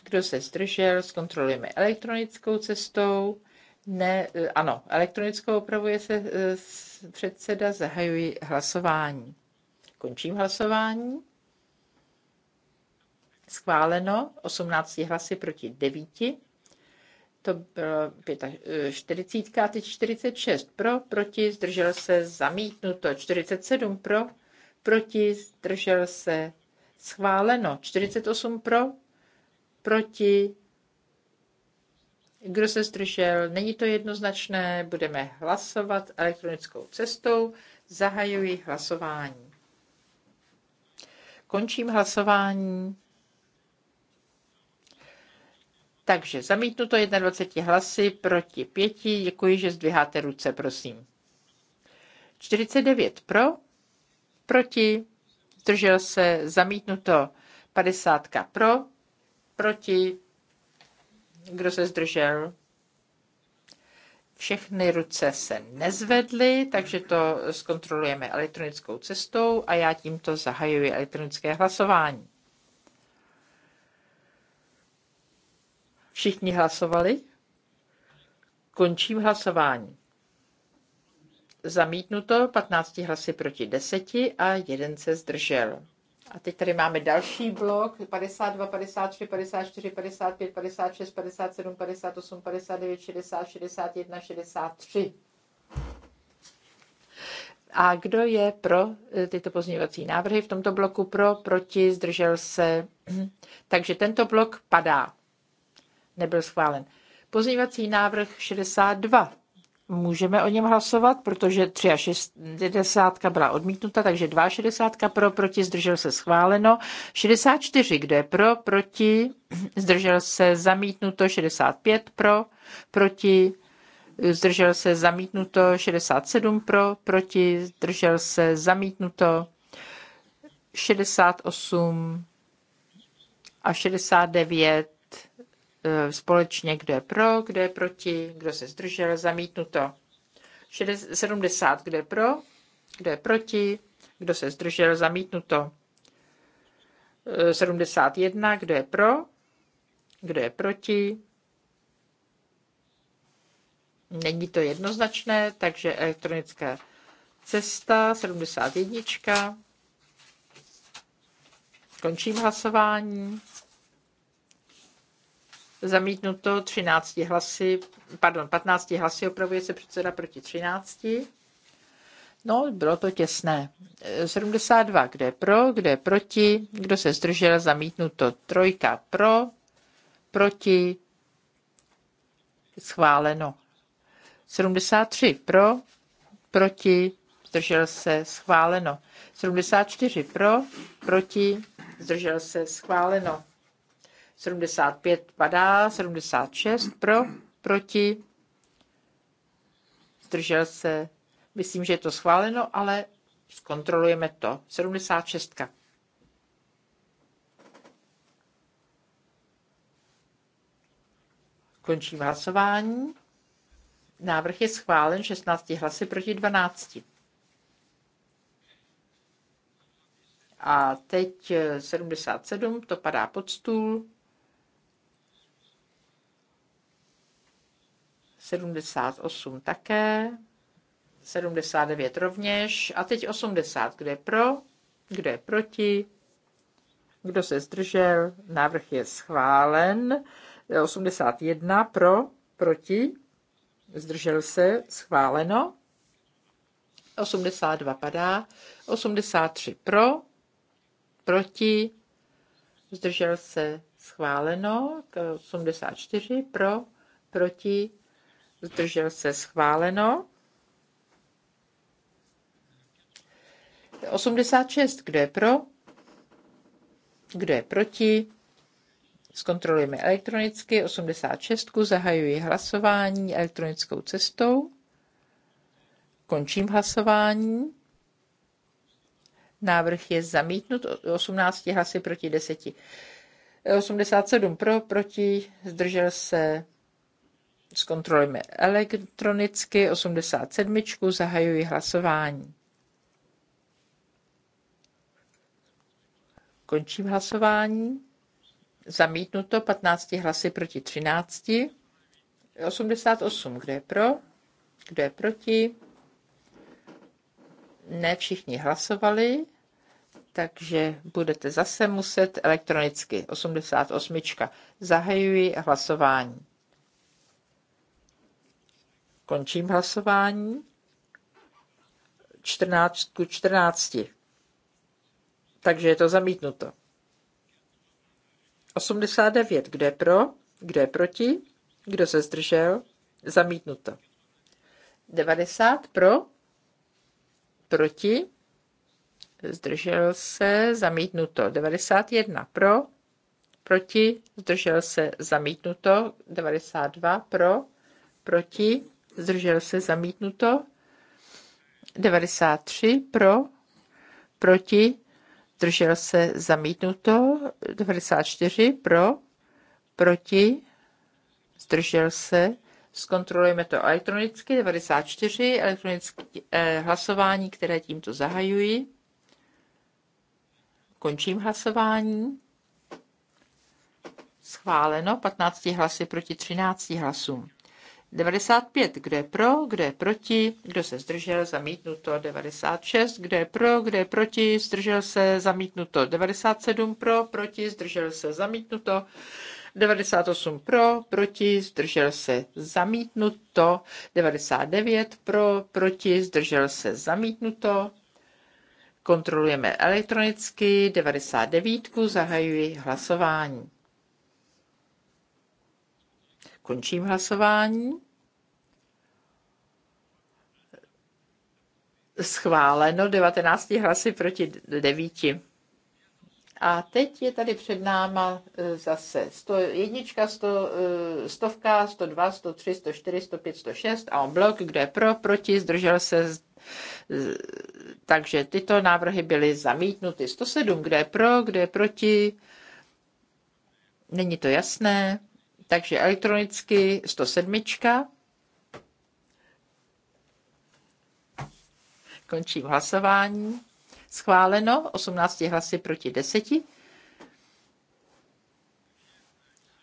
kdo se zdržel, zkontrolujeme elektronickou cestou. Ne, eh, ano, elektronickou opravuje se eh, předseda, zahajuji hlasování. Končím hlasování. Schváleno 18 hlasy proti 9. To bylo 45, eh, teď 46 pro, proti, zdržel se, zamítnuto, 47 pro, proti, zdržel se, schváleno, 48 pro, proti, kdo se zdržel, není to jednoznačné, budeme hlasovat elektronickou cestou, zahajuji hlasování. Končím hlasování. Takže zamítnuto 21 hlasy proti 5. Děkuji, že zdviháte ruce, prosím. 49 pro, proti, zdržel se, zamítnuto 50 pro, Proti? Kdo se zdržel? Všechny ruce se nezvedly, takže to zkontrolujeme elektronickou cestou a já tímto zahajuji elektronické hlasování. Všichni hlasovali? Končím hlasování. Zamítnuto 15 hlasy proti 10 a jeden se zdržel. A teď tady máme další blok 52, 53, 54, 55, 56, 57, 58, 59, 60, 61, 63. A kdo je pro eh, tyto pozměňovací návrhy v tomto bloku? Pro, proti, zdržel se. *clears throat* Takže tento blok padá. Nebyl schválen. Pozměňovací návrh 62. Můžeme o něm hlasovat, protože 63 byla odmítnuta, takže 62 pro, proti, zdržel se schváleno. 64, kdo je pro, proti, zdržel se zamítnuto. 65 pro, proti, zdržel se zamítnuto. 67 pro, proti, zdržel se zamítnuto. 68 a 69 Eh, společně, kdo je pro, kdo je proti, kdo se zdržel, zamítnuto. 70, kdo je pro, kdo je proti, kdo se zdržel, zamítnuto. 71, eh, kdo je pro, kdo je proti. Není to jednoznačné, takže elektronická cesta 71. Končím hlasování. Zamítnuto 13 hlasy, pardon, 15 hlasy, opravuje se předseda proti 13. No, bylo to těsné. 72, kde je pro, kde je proti, kdo se zdržel, zamítnuto. Trojka pro, proti, schváleno. 73 pro, proti, zdržel se, schváleno. 74 pro, proti, zdržel se, schváleno. 75 padá, 76 pro, proti, zdržel se. Myslím, že je to schváleno, ale zkontrolujeme to. 76. Končím hlasování. Návrh je schválen 16 hlasy proti 12. A teď 77, eh, to padá pod stůl. 78 také, 79 rovněž a teď 80, Kdo je pro, Kdo je proti, kdo se zdržel, návrh je schválen, 81 pro, proti, zdržel se, schváleno, 82 padá, 83 pro, proti, zdržel se, schváleno, 84 pro, proti, zdržel se schváleno. 86, kdo je pro, kdo je proti, zkontrolujeme elektronicky, 86, zahajuji hlasování elektronickou cestou, končím hlasování, návrh je zamítnut, 18 hlasy proti 10. 87 pro, proti, zdržel se Zkontrolujeme elektronicky 87. Zahajuji hlasování. Končím hlasování. Zamítnuto 15 hlasy proti 13. 88. Kdo je pro? Kdo je proti? Ne všichni hlasovali, takže budete zase muset elektronicky. 88. Zahajuji hlasování. Končím hlasování. 14 ku 14. Takže je to zamítnuto. 89. Kdo je pro? Kdo je proti? Kdo se zdržel? Zamítnuto. 90 pro? Proti? Zdržel se? Zamítnuto. 91 pro? Proti? Zdržel se? Zamítnuto. 92 pro? Proti? zdržel se, zamítnuto. 93 pro, proti, zdržel se, zamítnuto. 94 pro, proti, zdržel se, zkontrolujeme to elektronicky, 94, elektronické eh, hlasování, které tímto zahajuji. Končím hlasování. Schváleno 15 hlasy proti 13 hlasům. 95, kdo je pro, kdo je proti, kdo se zdržel, zamítnuto. 96, kdo je pro, kdo je proti, zdržel se, zamítnuto. 97 pro, proti, zdržel se, zamítnuto. 98 pro, proti, zdržel se, zamítnuto. 99 pro, proti, zdržel se, zamítnuto. Kontrolujeme elektronicky. 99 zahajuji hlasování. Končím hlasování. Schváleno 19 hlasy proti 9. A teď je tady před náma e, zase 101, 100, 100, 102, 103, 104, 105, 106 a on blok, kde je pro, proti, zdržel se. Takže tyto návrhy byly zamítnuty. 107, kde je pro, kde je proti. Není to jasné. Takže elektronicky 107. Končím hlasování. Schváleno 18 hlasy proti 10.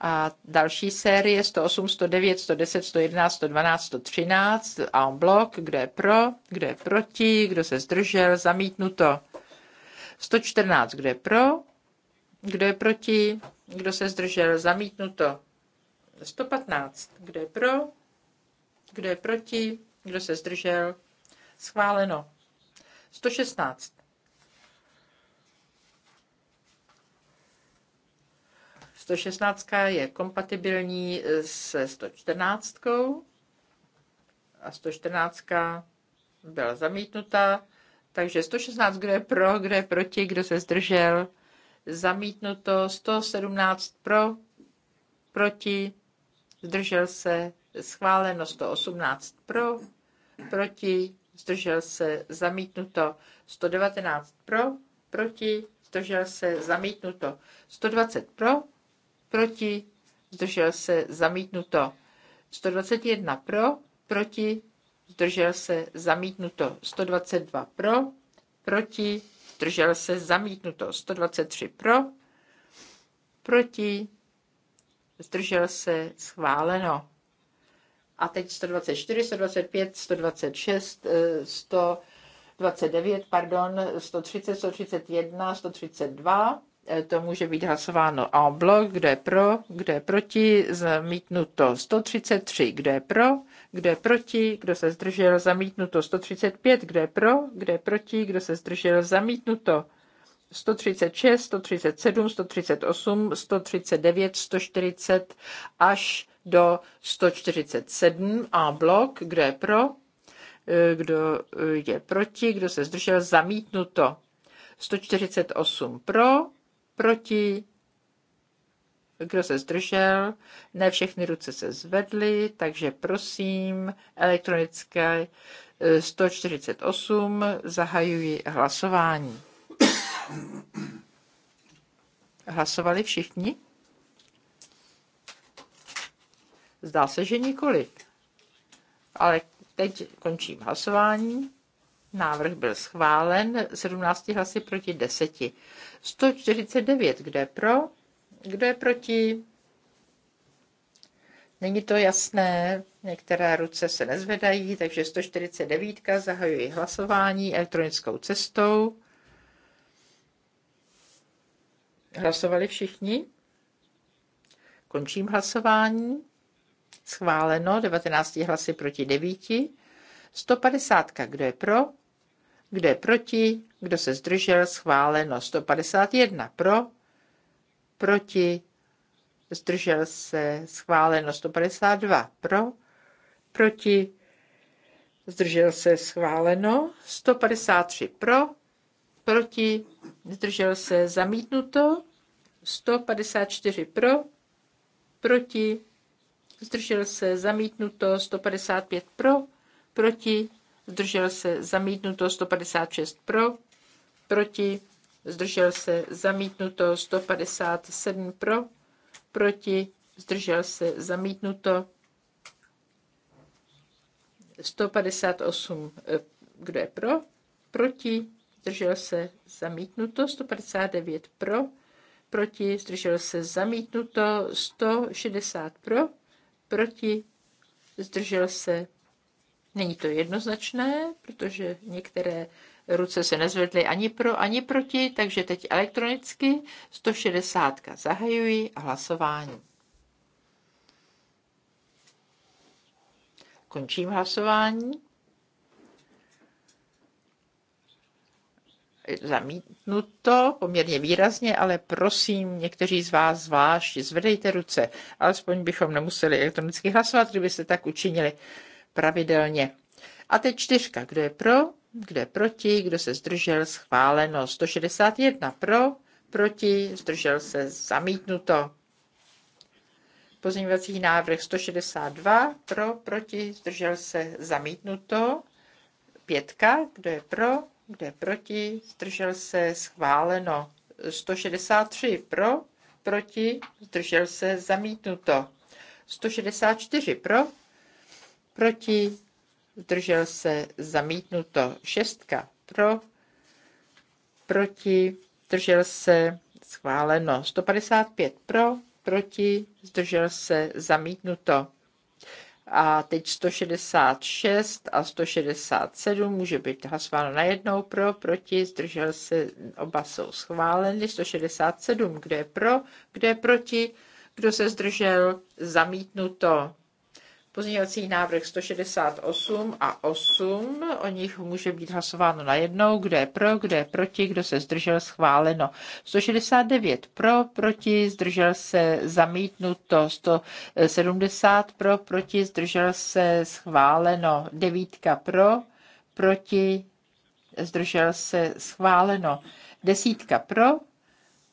A další série 108, 109, 110, 111, 112, 113 a on blok, kdo je pro, kdo je proti, kdo se zdržel, zamítnuto. 114, kdo je pro, kdo je proti, kdo se zdržel, zamítnuto. 115. Kdo je pro? Kdo je proti? Kdo se zdržel? Schváleno. 116. To šestnáctka je kompatibilní se 114 a 114 byla zamítnuta, takže 116, kdo je pro, kdo je proti, kdo se zdržel, zamítnuto, 117 pro, proti, zdržel se, schváleno 118 pro, proti, zdržel se, zamítnuto 119 pro, proti, zdržel se, zamítnuto 120 pro, proti, zdržel se, zamítnuto 121 pro, proti, zdržel se, zamítnuto 122 pro, proti, zdržel se, zamítnuto 123 pro, proti, zdržel se, schváleno. A teď 124, 125, 126, 129, pardon, 130, 131, 132. To může být hlasováno en bloc, kdo je pro, kdo je proti, zamítnuto 133, kdo je pro, kdo je proti, kdo se zdržel, zamítnuto 135, kdo je pro, kdo je proti, kdo se zdržel, zamítnuto 136, 137, 138, 139, 140 až do 147 a blok, kdo je pro, e, kdo e, je proti, kdo se zdržel, zamítnuto. 148 pro, proti, kdo se zdržel, ne všechny ruce se zvedly, takže prosím, elektronické 148, e, zahajuji hlasování. Hlasovali všichni? Zdá se, že nikoli. Ale teď končím hlasování. Návrh byl schválen 17 hlasy proti 10. 149, kde pro, kdo je proti? Není to jasné, některé ruce se nezvedají, takže 149 zahajuji hlasování elektronickou cestou. Hlasovali všichni? Končím hlasování. Schváleno 19 hlasy proti 9. 150. Kdo je pro? Kdo je proti? Kdo se zdržel? Schváleno 151. Pro? Proti? Zdržel se? Schváleno 152. Pro? Proti? Zdržel se? Schváleno 153. Pro? proti, zdržel se zamítnuto, 154 pro, proti, zdržel se zamítnuto, 155 pro, proti, zdržel se zamítnuto, 156 pro, proti, zdržel se zamítnuto, 157 pro, proti, zdržel se zamítnuto, 158, eh, kdo je pro, proti, zdržel se zamítnuto, 159 pro, proti, zdržel se zamítnuto, 160 pro, proti, zdržel se. Není to jednoznačné, protože některé ruce se nezvedly ani pro, ani proti, takže teď elektronicky 160 zahajuji a hlasování. Končím hlasování. zamítnuto poměrně výrazně, ale prosím, někteří z vás zvlášť zvedejte ruce. Alespoň bychom nemuseli elektronicky hlasovat, kdybyste tak učinili pravidelně. A teď čtyřka. Kdo je pro? Kdo je proti? Kdo se zdržel? Schváleno. 161 pro, proti, zdržel se zamítnuto. Pozměňovací návrh 162 pro, proti, zdržel se zamítnuto. Pětka. Kdo je pro? kde proti, zdržel se, schváleno. 163 pro, proti, zdržel se, zamítnuto. 164 pro, proti, zdržel se, zamítnuto. 6 pro, proti, zdržel se, schváleno. 155 pro, proti, zdržel se, zamítnuto a teď 166 a 167 může být hlasováno najednou pro, proti, zdržel se, oba jsou schváleny. 167, kde je pro, kde je proti, kdo se zdržel, zamítnuto. Pozměňovací návrh 168 a 8, o nich může být hlasováno najednou, kdo je pro, kdo je proti, kdo se zdržel, schváleno. 169 pro, proti, zdržel se, zamítnuto. 170 pro, proti, zdržel se, schváleno. 9 pro, proti, zdržel se, schváleno. 10, pro,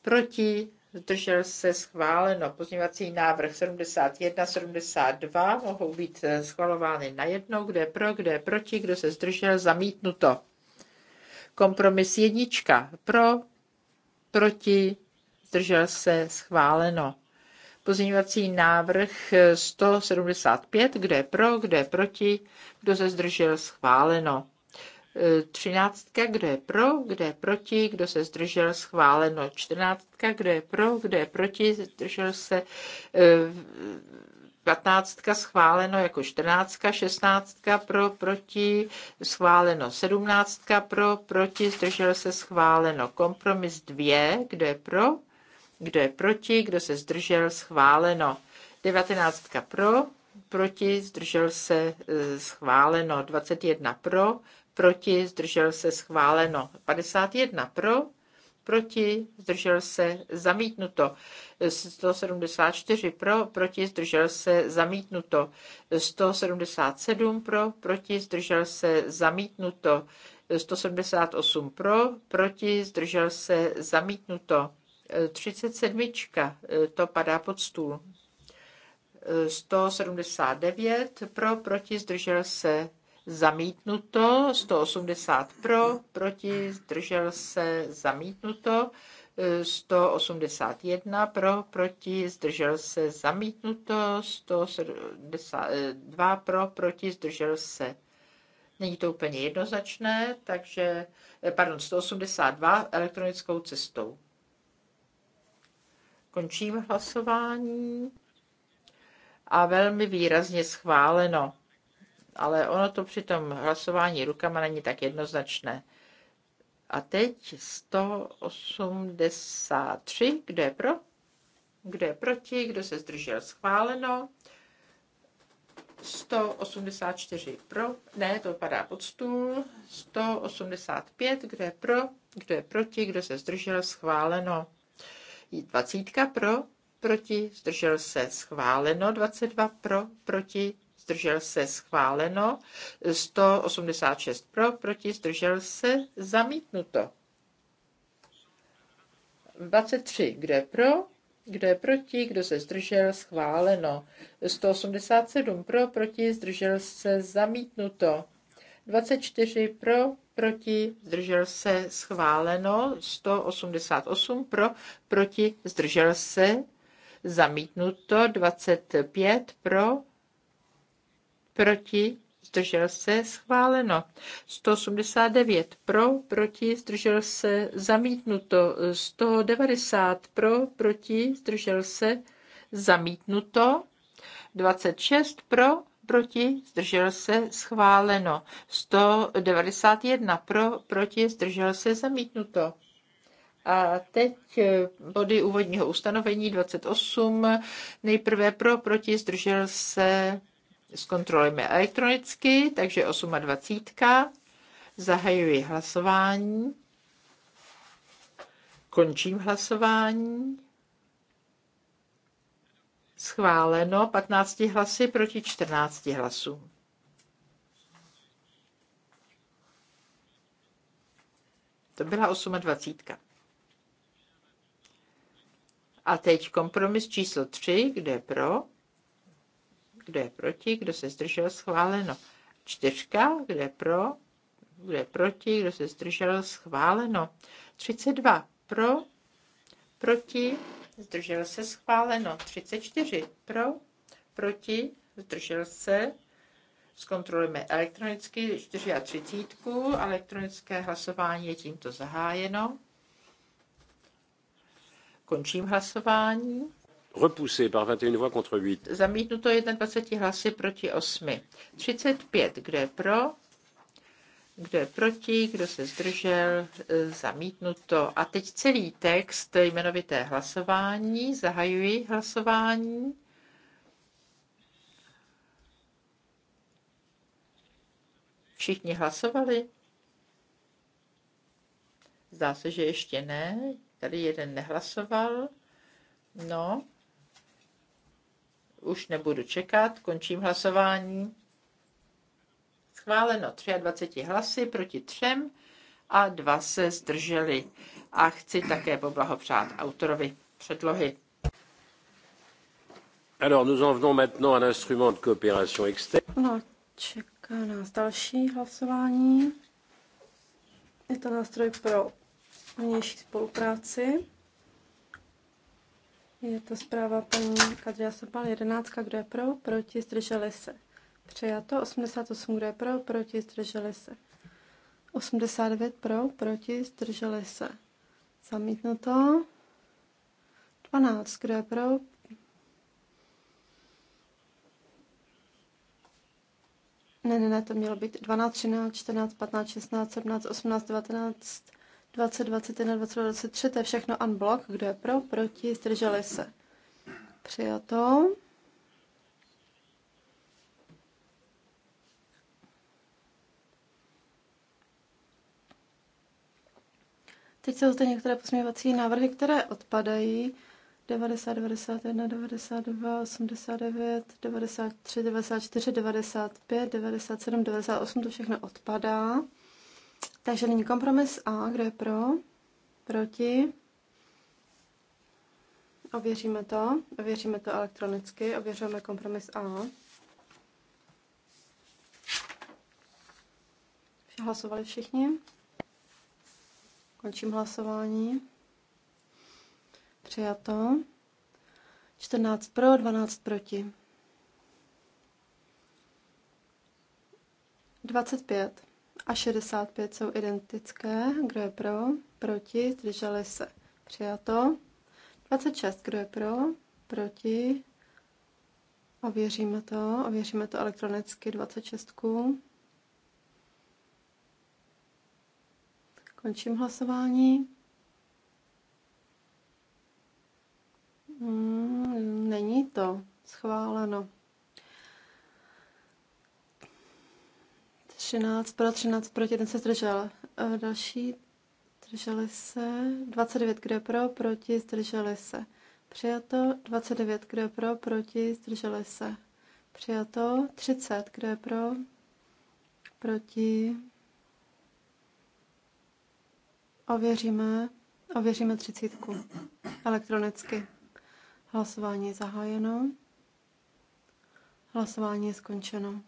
proti, zdržel se schváleno. Pozměňovací návrh 71, 72 mohou být eh, schvalovány najednou, kde je pro, kde je proti, kdo se zdržel, zamítnuto. Kompromis jednička pro, proti, zdržel se schváleno. Pozměňovací návrh 175, eh, kde je pro, kde je proti, kdo se zdržel, schváleno. Třináctka, kdo je pro, kdo je proti, kdo se zdržel, schváleno. Čtrnáctka, kdo je pro, kdo je proti, zdržel se. Eh, patnáctka schváleno jako čtrnáctka, šestnáctka pro, proti, schváleno sedmnáctka pro, proti, zdržel se schváleno. Kompromis dvě, kdo je pro, kdo je proti, kdo se zdržel, schváleno. Devatenáctka pro, proti, zdržel se, eh, schváleno. 21 pro, proti, zdržel se schváleno. 51 pro, proti, zdržel se zamítnuto. 174 pro, proti, zdržel se zamítnuto. 177 pro, proti, zdržel se zamítnuto. 178 pro, proti, zdržel se zamítnuto. 37. To padá pod stůl. 179 pro, proti, zdržel se zamítnuto, 180 pro, proti, zdržel se, zamítnuto, 181 pro, proti, zdržel se, zamítnuto, 172 pro, proti, zdržel se. Není to úplně jednoznačné, takže, eh, pardon, 182 elektronickou cestou. Končím hlasování a velmi výrazně schváleno ale ono to při tom hlasování rukama není tak jednoznačné. A teď 183, kdo je pro? Kdo je proti? Kdo se zdržel? Schváleno. 184 pro, ne, to padá pod stůl. 185, kdo je pro? Kdo je proti? Kdo se zdržel? Schváleno. 20 pro, proti, zdržel se schváleno, 22 pro, proti, zdržel se schváleno, 186 pro, proti, zdržel se zamítnuto. 23, kdo je pro, kdo je proti, kdo se zdržel, schváleno. 187 pro, proti, zdržel se, zamítnuto. 24 pro, proti, zdržel se, schváleno. 188 pro, proti, zdržel se, zamítnuto. 25 pro, proti, zdržel se, schváleno. 189 pro, proti, zdržel se, zamítnuto. 190 pro, proti, zdržel se, zamítnuto. 26 pro, proti, zdržel se, schváleno. 191 pro, proti, zdržel se, zamítnuto. A teď eh, body úvodního ustanovení 28. Nejprve pro, proti, zdržel se, zkontrolujeme elektronicky, takže 28. Zahajuji hlasování. Končím hlasování. Schváleno 15 hlasy proti 14 hlasům. To byla 28. A teď kompromis číslo 3, kde pro? kdo je proti, kdo se zdržel, schváleno. Čtyřka, kdo je pro, kdo je proti, kdo se zdržel, schváleno. 32 pro, proti, zdržel se, schváleno. 34 pro, proti, zdržel se, zkontrolujeme elektronicky 34. Elektronické hlasování je tímto zahájeno. Končím hlasování repoussé par 21 voix contre 8. Zamítnuto 21 hlasy proti 8. 35, kdo je pro, kdo je proti, kdo se zdržel, e, zamítnuto. A teď celý text, jmenovité hlasování, zahajuji hlasování. Všichni hlasovali? Zdá se, že ještě ne. Tady jeden nehlasoval. No, už nebudu čekat, končím hlasování. Schváleno 23 hlasy proti třem a dva se zdrželi. A chci také poblahopřát autorovi předlohy. Alors nous en venons maintenant à l'instrument de coopération externe. No, čeká nás další hlasování. Je to nástroj pro vnější spolupráci. Je to zpráva paní Kadria Sopal, 11. Kdo je pro? Proti? Zdrželi se. Přijato. 88. Kdo je pro? Proti? Zdrželi se. 89 pro, proti, zdrželi se. Zamítnuto. 12, kdo je pro? Ne, ne, ne, to mělo být 12, 13, 14, 15, 16, 17, 18, 19, 2021, 2023, to je všechno unblock. Kdo je pro, proti, zdrželi se. Přijato. Teď jsou zde některé posměvací návrhy, které odpadají. 90, 91, 92, 89, 93, 94, 95, 97, 98, to všechno odpadá. Takže nyní kompromis A, kdo je pro, proti. Ověříme to, ověříme to elektronicky, ověřujeme kompromis A. Hlasovali všichni? Končím hlasování. Přijato. 14 pro, 12 proti. 25 a 65 jsou identické. Kdo je pro? Proti? Zdrželi se. Přijato. 26. Kdo je pro? Proti? Ověříme to. Ověříme to elektronicky 26. Končím hlasování. Hmm, není to schváleno. 13 pro, 13 proti, Ten se zdržel. Další zdrželi se. 29, kdo je pro, proti, zdrželi se. Přijato. 29, kdo je pro, proti, zdrželi se. Přijato. 30, kdo je pro, proti. Ověříme, ověříme třicítku elektronicky. Hlasování je zahájeno. Hlasování je skončeno.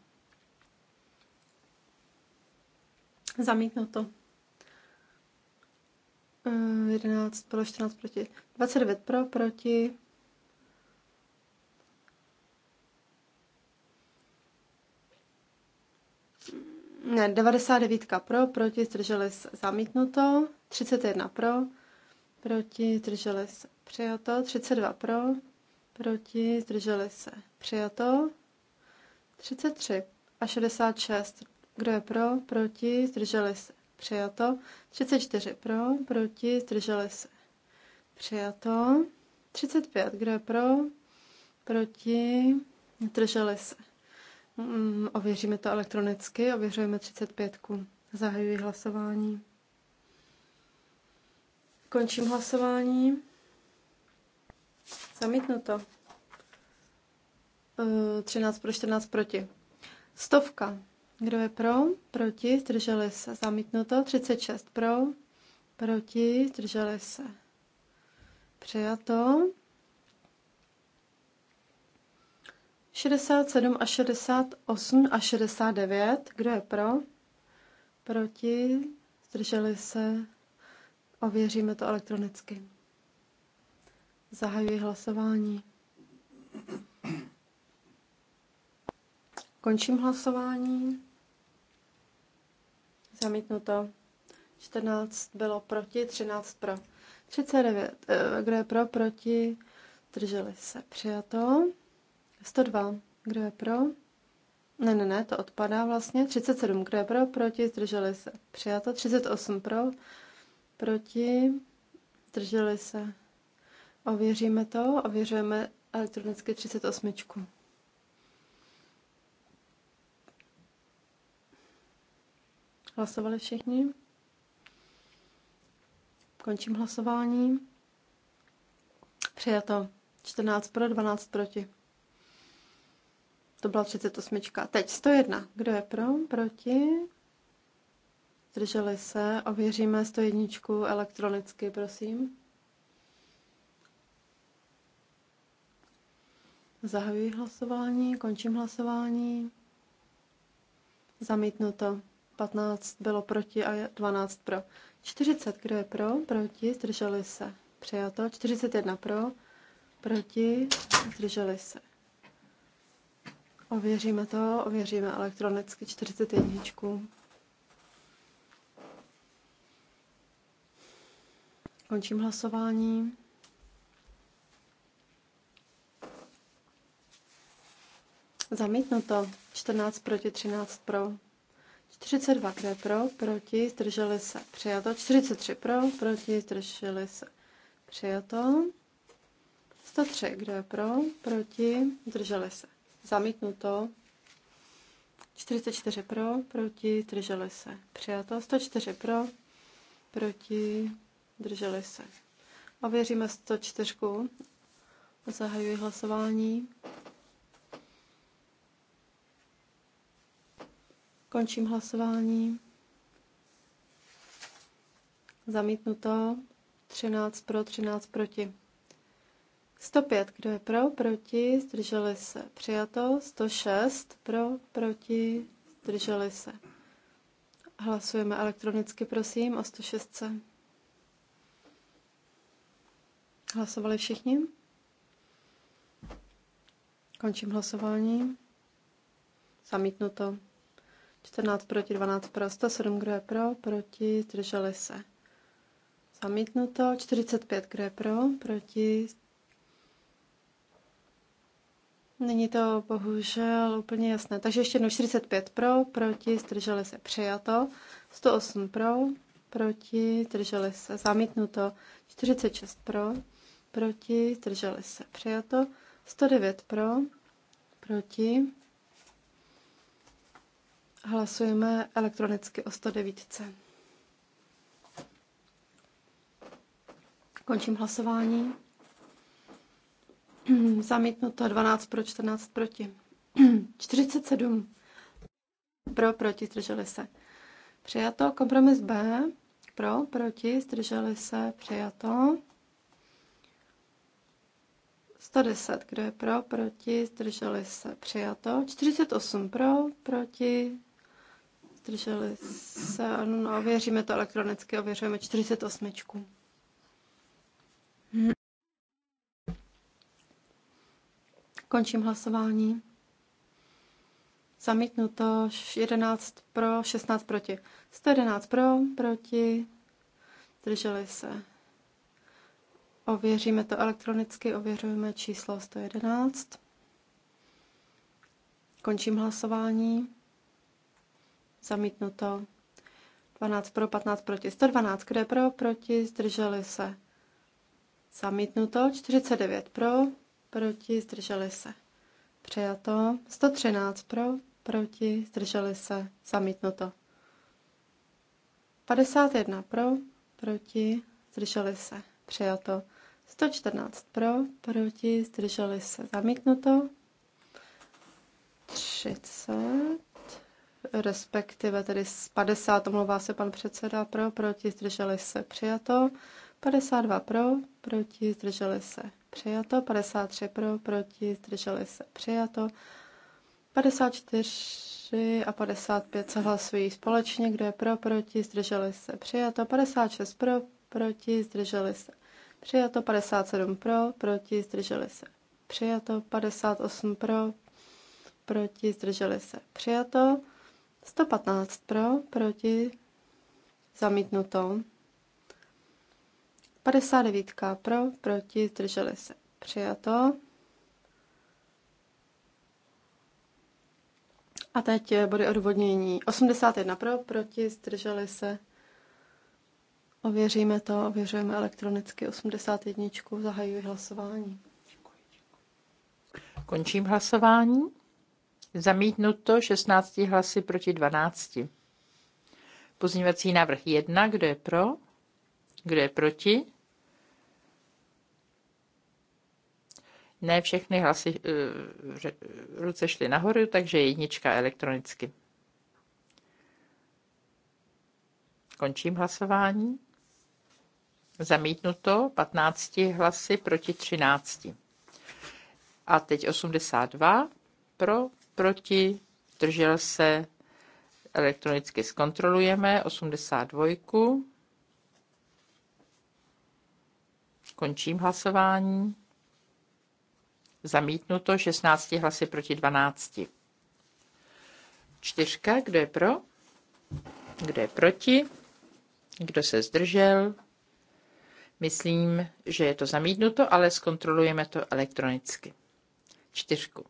to. 11 eh, pro, 14 proti. 29 pro, proti. Ne, 99 pro, proti, zdrželi se zamítnuto. 31 pro, proti, zdrželi se přijato. 32 pro, proti, zdrželi se přijato. 33 a 66 kdo je pro? Proti? Zdrželi se? Přijato. 34 pro? Proti? Zdrželi se? Přijato. 35. Kdo je pro? Proti? Zdrželi se? Mm, ověříme to elektronicky. Ověřujeme 35. Zahajuji hlasování. Končím hlasování. Zamítnuto. 13 eh, pro 14 proti. Stovka. Kdo je pro? Proti? Zdrželi se. Zamítnuto. 36 pro. Proti? Zdrželi se. Přijato. 67 a 68 a 69. Kdo je pro? Proti? Zdrželi se. Ověříme to elektronicky. Zahajuji hlasování. Končím hlasování. Zamítnuto. 14 bylo proti, 13 pro. 39, eh, kdo je pro, proti, drželi se, přijato. 102, kdo je pro, ne, ne, ne, to odpadá vlastně. 37, kdo je pro, proti, Drželi se, přijato. 38 pro, proti, Drželi se. Ověříme to, ověřujeme elektronicky 38. Hlasovali všichni? Končím hlasování. Přijato. 14 pro, 12 proti. To byla 38. Teď 101. Kdo je pro? Proti? Zdrželi se. Ověříme 101 elektronicky, prosím. Zahajuji hlasování, končím hlasování. Zamítnuto. 15 bylo proti a 12 pro. 40, kdo je pro, proti, zdrželi se. Přijato. 41 pro, proti, zdrželi se. Ověříme to, ověříme elektronicky 41. Končím hlasování. Zamítnuto. 14 proti 13 pro. 42, kde pro, proti, zdrželi se, přijato. 43 pro, proti, zdrželi se, přijato. 103, kde pro, proti, zdrželi se, zamítnuto. 44 pro, proti, zdrželi se, přijato. 104 pro, proti, drželi se. Ověříme 104. Zahajuji hlasování. Končím hlasování. Zamítnuto. 13 pro, 13 proti. 105, kdo je pro, proti, zdrželi se, přijato. 106, pro, proti, zdrželi se. Hlasujeme elektronicky, prosím, o 106. Hlasovali všichni? Končím hlasování. Zamítnuto. 14 proti 12 pro, 107 kdo je pro, proti, zdrželi se. Zamítnuto, 45 kdo je pro, proti. Není to bohužel úplně jasné. Takže ještě jednou 45 pro, proti, zdrželi se, přijato. 108 pro, proti, zdrželi se, zamítnuto. 46 pro, proti, zdrželi se, přijato. 109 pro, proti, Hlasujeme elektronicky o 109. Končím hlasování. Zamítnuto 12 pro 14 proti. 47 pro proti zdrželi se. Přijato. Kompromis B. Pro proti zdrželi se. Přijato. 110, kdo je pro, proti, zdrželi se, přijato. 48 pro, proti, Zdrželi se, ano, no, ověříme to elektronicky, ověřujeme 48. Hmm. Končím hlasování. Zamítnuto 11 pro, 16 proti. 111 pro, proti. Drželi se. Ověříme to elektronicky, ověřujeme číslo 111. Končím hlasování. Zamítnuto. 12 pro, 15 proti. 112, kdo je pro, proti, zdrželi se. Zamítnuto. 49 pro, proti, zdrželi se. Přijato. 113 pro, proti, zdrželi se. Zamítnuto. 51 pro, proti, zdrželi se. Přijato. 114 pro, proti, zdrželi se. Zamítnuto. 30 respektive tedy z 50, omlouvá se pan předseda, pro, proti, zdrželi se, přijato. 52 pro, proti, zdrželi se, přijato. 53 pro, proti, zdrželi se, přijato. 54 a 55 se hlasují společně, kdo je pro, proti, zdrželi se, přijato. 56 pro, proti, zdrželi se, přijato. 57 pro, proti, zdrželi se, přijato. 58 pro, proti, zdrželi se, přijato. 115 pro, proti, zamítnuto. 59 pro, proti, zdrželi se, přijato. A teď body odvodnění. 81 pro, proti, zdrželi se. Ověříme to, ověřujeme elektronicky 81. Zahajuji hlasování. Končím hlasování. Zamítnuto 16 hlasy proti 12. Pozměňovací návrh 1. Kdo je pro? Kdo je proti? Ne všechny hlasy eh, ruce šly nahoru, takže jednička elektronicky. Končím hlasování. Zamítnuto 15 hlasy proti 13. A teď 82 pro, proti, zdržel se, elektronicky zkontrolujeme, 82. Končím hlasování. Zamítnuto 16 hlasy proti 12. Čtyřka, kdo je pro? Kdo je proti? Kdo se zdržel? Myslím, že je to zamítnuto, ale zkontrolujeme to elektronicky. Čtyřku.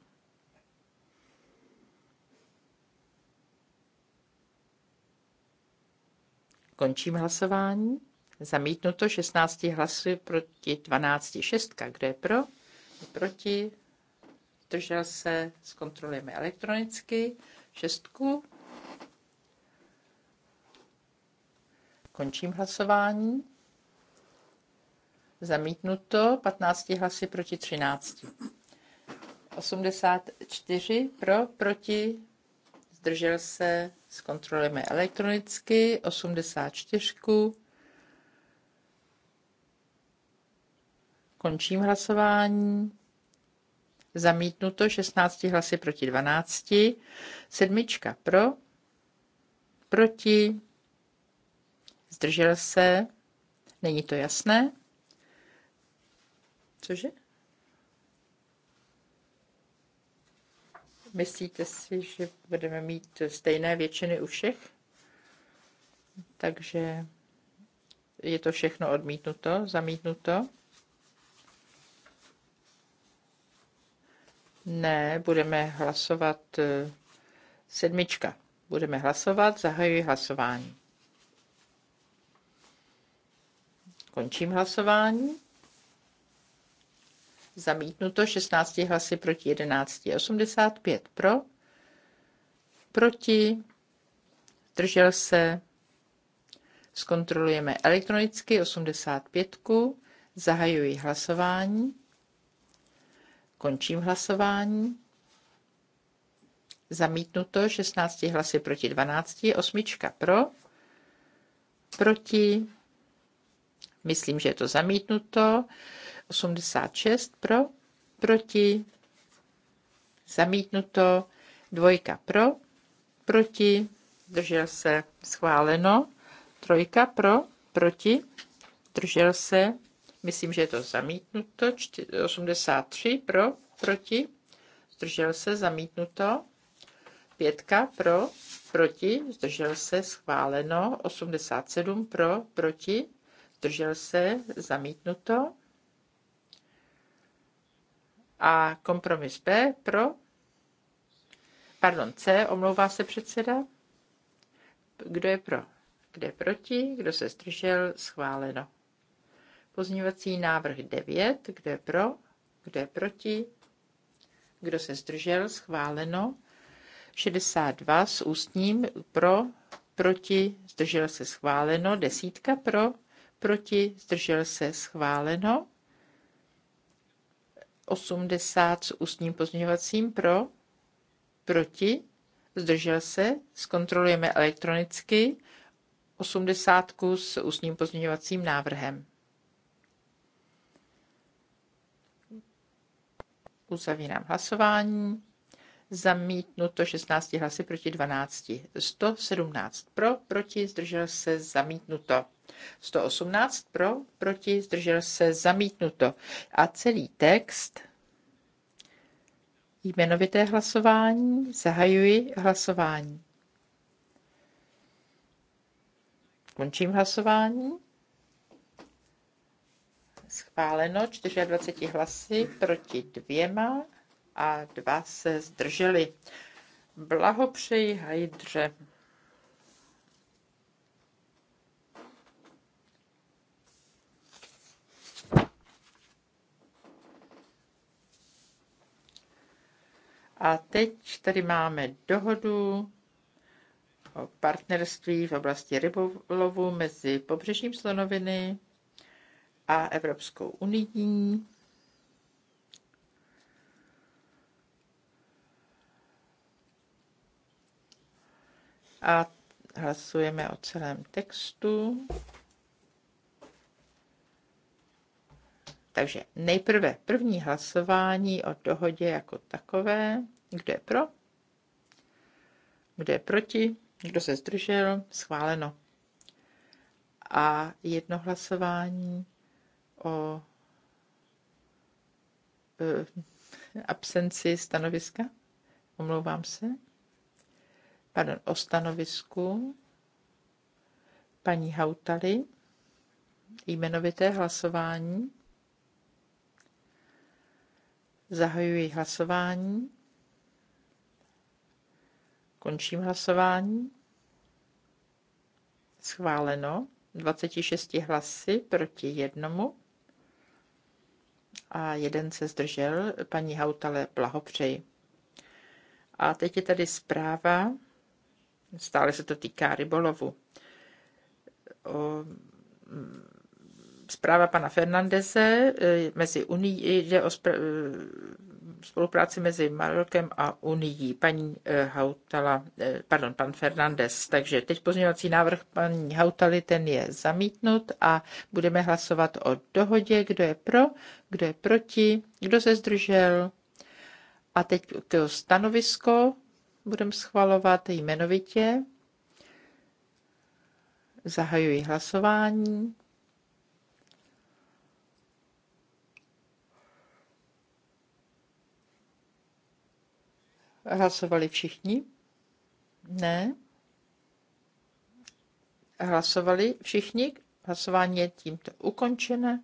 Končím hlasování. Zamítnuto 16 hlasy proti 12. Šestka. Kdo je pro? Proti? Držel se? Zkontrolujeme elektronicky. Šestku. Končím hlasování. Zamítnuto 15 hlasy proti 13. 84 pro, proti, zdržel se, zkontrolujeme elektronicky, 84. Končím hlasování. Zamítnuto 16 hlasy proti 12. Sedmička pro, proti, zdržel se, není to jasné. Cože? Myslíte si, že budeme mít stejné většiny u všech? Takže je to všechno odmítnuto, zamítnuto? Ne, budeme hlasovat eh, sedmička. Budeme hlasovat, zahajuji hlasování. Končím hlasování. Zamítnuto 16 hlasy proti 11. 85 pro. Proti. Držel se. Zkontrolujeme elektronicky 85. Zahajuji hlasování. Končím hlasování. Zamítnuto 16 hlasy proti 12, 8. pro, proti, myslím, že je to zamítnuto, 86 pro, proti, zamítnuto, dvojka pro, proti, držel se, schváleno, trojka pro, proti, držel se, myslím, že je to zamítnuto, 83 pro, proti, zdržel se, zamítnuto, pětka pro, proti, zdržel se, schváleno, 87 pro, proti, zdržel se, zamítnuto, a kompromis B pro, pardon, C, omlouvá se předseda. Kdo je pro? Kdo je proti? Kdo se zdržel? Schváleno. Pozměňovací návrh 9. Kdo je pro? Kdo je proti? Kdo se zdržel? Schváleno. 62 s ústním pro, proti, zdržel se schváleno. Desítka pro, proti, zdržel se schváleno. 80 s ústním pozměňovacím pro, proti, zdržel se, zkontrolujeme elektronicky 80 s ústním pozměňovacím návrhem. Uzavírám hlasování. Zamítnuto 16 hlasy proti 12. 117 pro, proti, zdržel se, zamítnuto. 118 pro, proti, zdržel se, zamítnuto. A celý text jmenovité hlasování, zahajuji hlasování. Končím hlasování. Schváleno 24 hlasy proti dvěma a dva se zdrželi. Blahopřeji Hajdře. A teď tady máme dohodu o partnerství v oblasti rybolovu mezi pobřežím slonoviny a Evropskou unii. A hlasujeme o celém textu. Takže nejprve první hlasování o dohodě jako takové. Kdo je pro? Kdo je proti? Kdo se zdržel? Schváleno. A jedno hlasování o eh, absenci stanoviska. Omlouvám se. Pardon, o stanovisku paní Hautaly. Jmenovité hlasování. Zahajuji hlasování. Končím hlasování. Schváleno 26 hlasy proti jednomu a jeden se zdržel. Paní Hautale, blahopřeji. A teď je tady zpráva, stále se to týká rybolovu, o zpráva pana Fernandeze eh, mezi Unii, jde o eh, spolupráci mezi Marokem a Unii. Paní eh, Hautala, pardon, pan Fernandez. Takže teď pozměňovací návrh paní Hautaly, ten je zamítnut a budeme hlasovat o dohodě, kdo je pro, kdo je proti, kdo se zdržel. A teď to stanovisko budeme schvalovat jmenovitě. Zahajuji hlasování. Hlasovali všichni? Ne. Hlasovali všichni? Hlasování je tímto ukončené.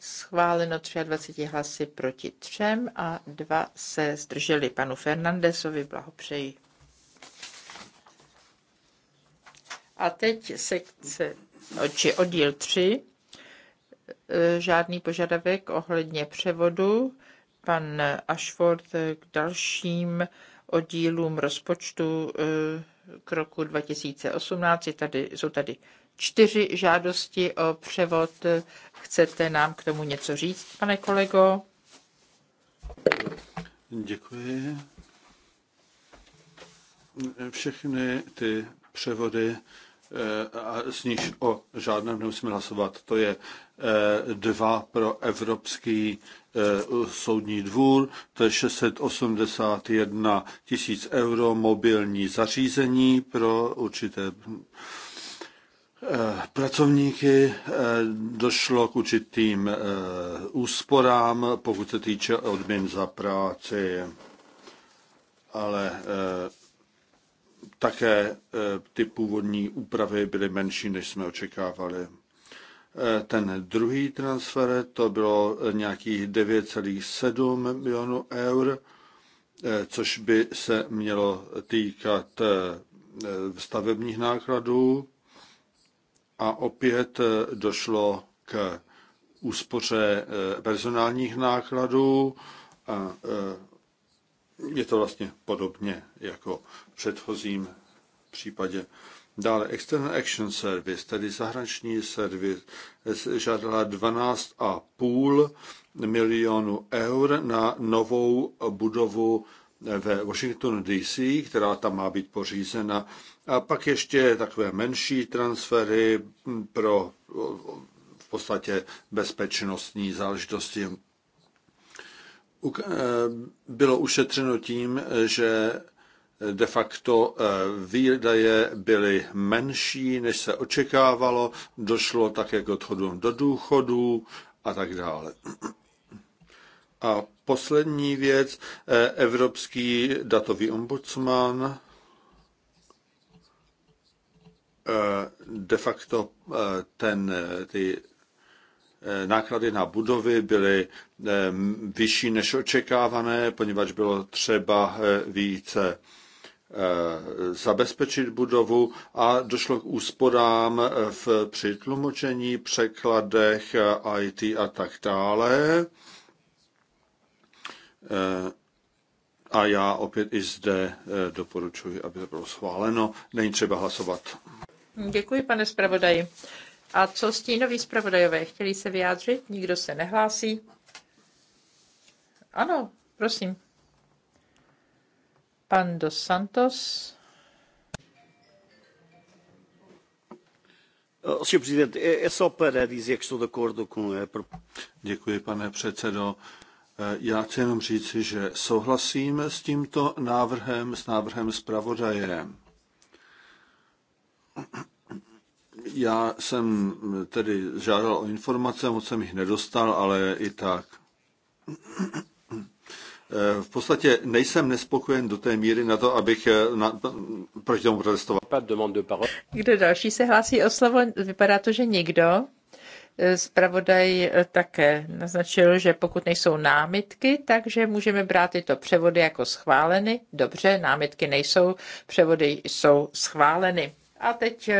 Schváleno 23 hlasy proti třem a dva se zdrželi. Panu Fernandesovi blahopřeji. A teď sekce, či oddíl 3, žádný požadavek ohledně převodu pan Ashford k dalším oddílům rozpočtu eh, k roku 2018. Je tady, jsou tady čtyři žádosti o převod. Chcete nám k tomu něco říct, pane kolego? Děkuji. Všechny ty převody, eh, a z nich o žádném nemusíme hlasovat, to je Eh, dva pro Evropský eh, soudní dvůr, to je 681 tisíc euro mobilní zařízení pro určité eh, pracovníky. Došlo k určitým úsporám, pokud se týče odměn za práci, ale také ty původní úpravy byly menší, než jsme očekávali. Eh, ten druhý transfer to bylo eh, nějakých 9,7 milionů eur, eh, což by se mělo týkat stavebních nákladů a opět došlo k úspoře personálních nákladů a je to vlastně podobně jako v předchozím případě. Dále External Action Service, tedy zahraniční servis, žádala 12,5 milionu eur na novou budovu ve Washingtonu DC, která tam má být pořízena. A pak ještě takové menší transfery pro v podstatě bezpečnostní záležitosti. Eh, bylo ušetřeno tím, že de facto eh, výdaje byly menší, než se očekávalo, došlo také k odchodům do důchodů a tak dále. A poslední věc, eh, Evropský datový ombudsman eh, de facto ten, ty náklady na budovy byly vyšší než očekávané, poněvadž bylo třeba více Eh, zabezpečit budovu a došlo k úsporám eh, v přitlumočení, překladech, eh, IT a tak dále. A já opět i zde doporučuji, aby to bylo schváleno. Není třeba hlasovat. Děkuji, pane zpravodaji. A co stínoví zpravodajové? Chtěli se vyjádřit? Nikdo se nehlásí. Ano, prosím. Pan Dos Santos. Eh, Sr. Presidente, é só para dizer que estou de acordo com a... Eh, Děkuji, pane předsedo. Eh, já chci jenom říci, že souhlasím s tímto návrhem, s návrhem zpravodaje. Já jsem mm, tedy žádal o informace, moc jsem jich nedostal, ale i tak. Eh, v podstatě nejsem nespokojen do té míry na to, abych eh, na, proč tomu protestoval. Kdo další se hlásí o slovo? Vypadá to, že nikdo. Eh, zpravodaj také naznačil, že pokud nejsou námitky, takže můžeme brát tyto převody jako schváleny. Dobře, námitky nejsou, převody jsou schváleny. A teď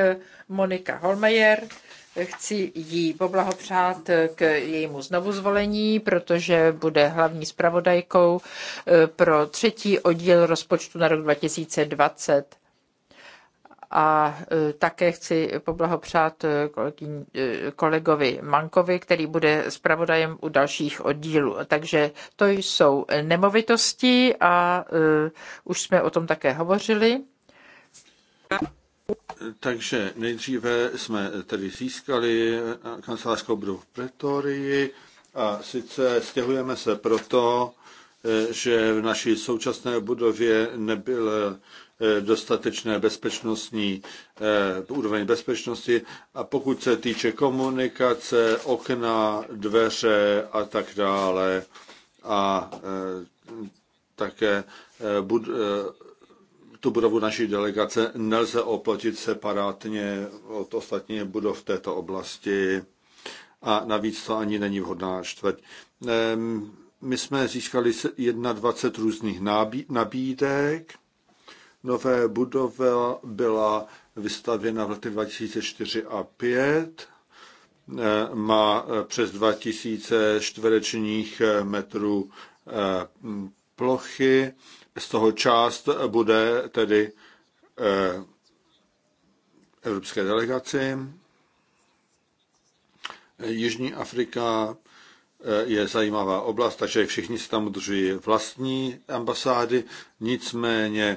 Monika Holmejer Chci jí poblahopřát k jejímu znovuzvolení, protože bude hlavní zpravodajkou eh, pro třetí oddíl rozpočtu na rok 2020. A eh, také chci poblahopřát eh, kolegovi Mankovi, který bude zpravodajem u dalších oddílů. Takže to jsou nemovitosti a už jsme o tom také hovořili. Takže nejdříve jsme tedy získali kancelářskou budovu v Pretorii a sice stěhujeme se proto, že v naší současné budově nebyl eh, dostatečné bezpečnostní, eh, úroveň bezpečnosti a pokud se týče komunikace, okna, dveře a tak dále a eh, také bud, tu budovu naší delegace nelze oplotit separátně od ostatních budov této oblasti a navíc to ani není vhodná čtvrť. My jsme získali 21 různých nabídek. Nové budova byla vystavěna v letech 2004 a 5. E, má e, přes 2000 čtverečních e, metrů plochy z toho část bude tedy eh, evropské delegaci. Jižní Afrika eh, je zajímavá oblast, takže všichni se tam udržují vlastní ambasády, nicméně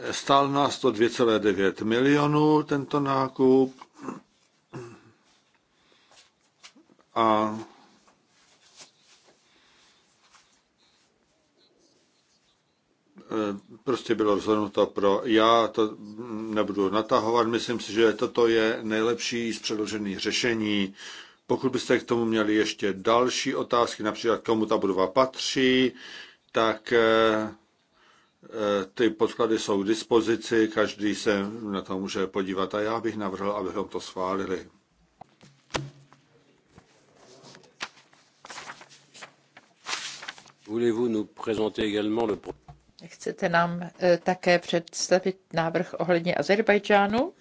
eh, stál nás to 2,9 milionů tento nákup a Eh, prostě bylo rozhodnuto pro. Já to nebudu natahovat, myslím si, že toto je nejlepší z předložených řešení. Pokud byste k tomu měli ještě další otázky, například komu ta budova patří, tak eh, eh, ty podklady jsou k dispozici, každý se na to může podívat a já bych navrhl, abychom to schválili. Voulez-vous nous présenter également le projet? Chcete nám eh, také představit návrh ohledně Azerbajdžánu?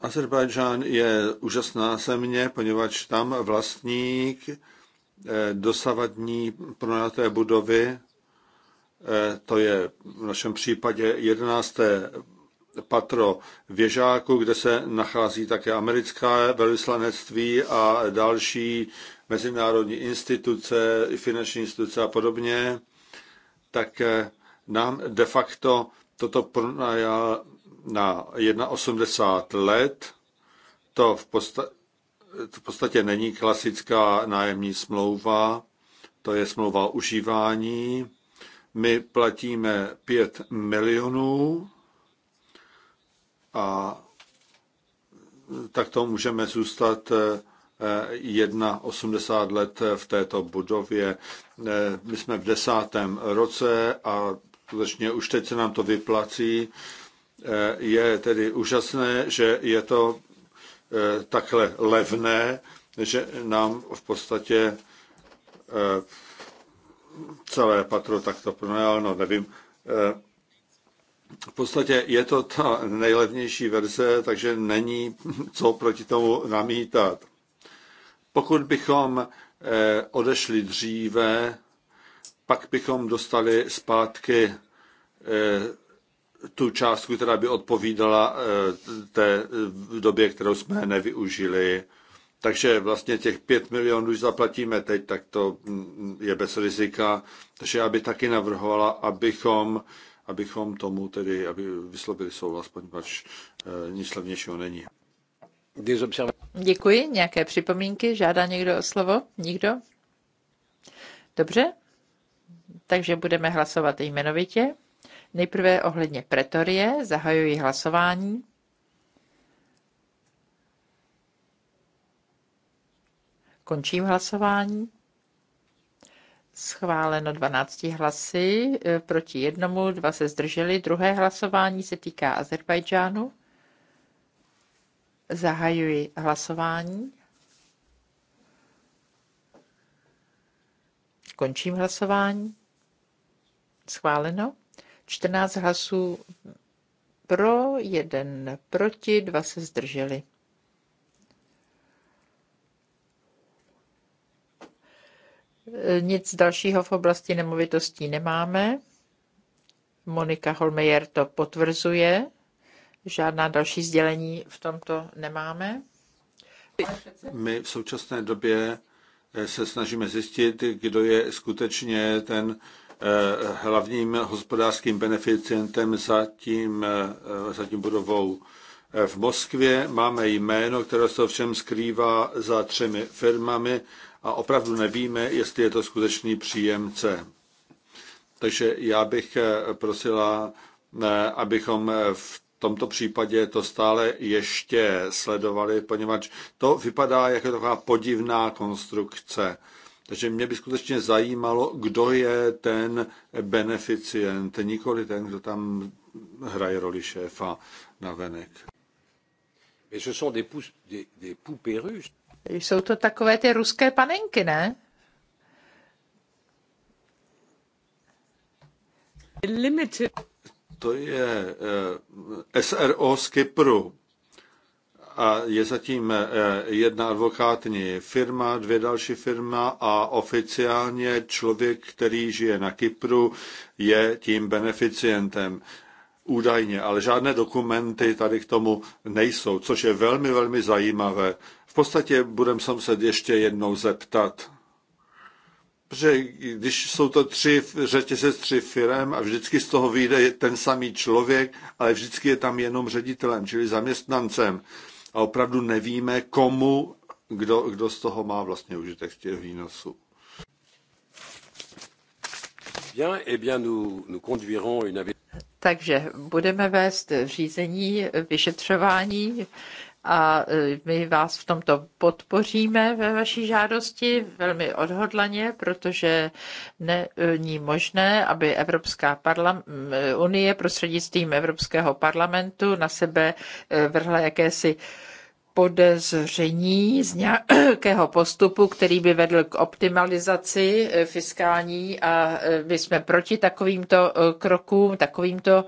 Azerbajdžán je úžasná země, poněvadž tam vlastník eh, dosavadní pronajaté budovy, eh, to je v našem případě 11. patro věžáku, kde se nachází také americké velvyslanectví a další mezinárodní instituce, finanční instituce a podobně tak eh, nám de facto toto pronajal na 1,80 let. To v, podsta- v podstatě není klasická nájemní smlouva, to je smlouva o užívání. My platíme 5 milionů a tak to můžeme zůstat 1,80 eh, let v této budově. My jsme v desátém roce a skutečně už teď se nám to vyplací. Eh, je tedy úžasné, že je to eh, takhle levné, že nám v podstatě eh, celé patro takto pronajal, no nevím. V podstatě je to ta nejlevnější verze, takže není co proti tomu namítat. Pokud bychom Eh, odešli dříve, pak bychom dostali zpátky eh, tu částku, která by odpovídala eh, té době, kterou jsme nevyužili. Takže vlastně těch 5 milionů, když zaplatíme teď, tak to mm, je bez rizika. Takže já bych taky navrhovala, abychom, abychom tomu tedy aby vyslovili souhlas, poněvadž nic slavnějšího není. Děkuji. Nějaké připomínky? Žádá někdo o slovo? Nikdo? Dobře. Takže budeme hlasovat jmenovitě. Nejprve ohledně Pretorie. Zahajuji hlasování. Končím hlasování. Schváleno 12 hlasy e, proti jednomu, dva se zdrželi. Druhé hlasování se týká Azerbajdžánu. Zahajuji hlasování. Končím hlasování. Schváleno. 14 hlasů pro, jeden proti, dva se zdrželi. Nic dalšího v oblasti nemovitostí nemáme. Monika Holmejer to potvrzuje. Žádná další sdělení v tomto nemáme. My v současné době eh, se snažíme zjistit, kdo je skutečně ten eh, hlavním hospodářským beneficientem za tím, eh, za tím budovou. V Moskvě máme jméno, které se ovšem skrývá za třemi firmami a opravdu nevíme, jestli je to skutečný příjemce. Takže já bych prosila, abychom v tomto případě to stále ještě sledovali, poněvadž to vypadá jako taková podivná konstrukce. Takže mě by skutečně zajímalo, kdo je ten beneficient, nikoli ten, kdo tam hraje roli šéfa na venek. Jsou to takové ty ruské panenky, ne? Limited. To je eh, SRO z Kypru a je zatím eh, jedna advokátní firma, dvě další firma a oficiálně člověk, který žije na Kypru, je tím beneficientem údajně, ale žádné dokumenty tady k tomu nejsou, což je velmi, velmi zajímavé. V podstatě budeme se ještě jednou zeptat. Protože když jsou to tři řetězec, tři firem a vždycky z toho vyjde ten samý člověk, ale vždycky je tam jenom ředitelem, čili zaměstnancem. A opravdu nevíme, komu, kdo, kdo z toho má vlastně užitek z těch výnosů. Eh Takže budeme vést řízení, vyšetřování a e, my vás v tomto podpoříme ve vaší žádosti velmi odhodlaně, protože není možné, aby Evropská e, unie prostřednictvím Evropského parlamentu na sebe e, vrhla jakési podezření z nějakého postupu, který by vedl k optimalizaci eh, fiskální a eh, my jsme proti takovýmto eh, krokům, takovýmto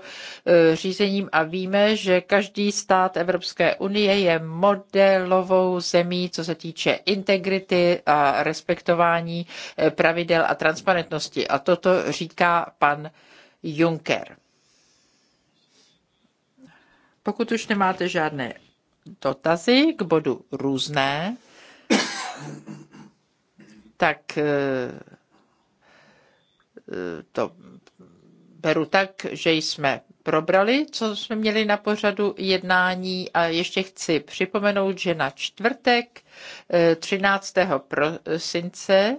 řízením a víme, že každý stát Evropské unie je modelovou zemí, co se týče integrity a respektování pravidel a transparentnosti. A toto říká pan Juncker. Pokud už nemáte žádné dotazy k bodu různé, tak eh, eh, to beru tak, že jsme probrali, co jsme měli na pořadu jednání a ještě chci připomenout, že na čtvrtek 13. Eh, prosince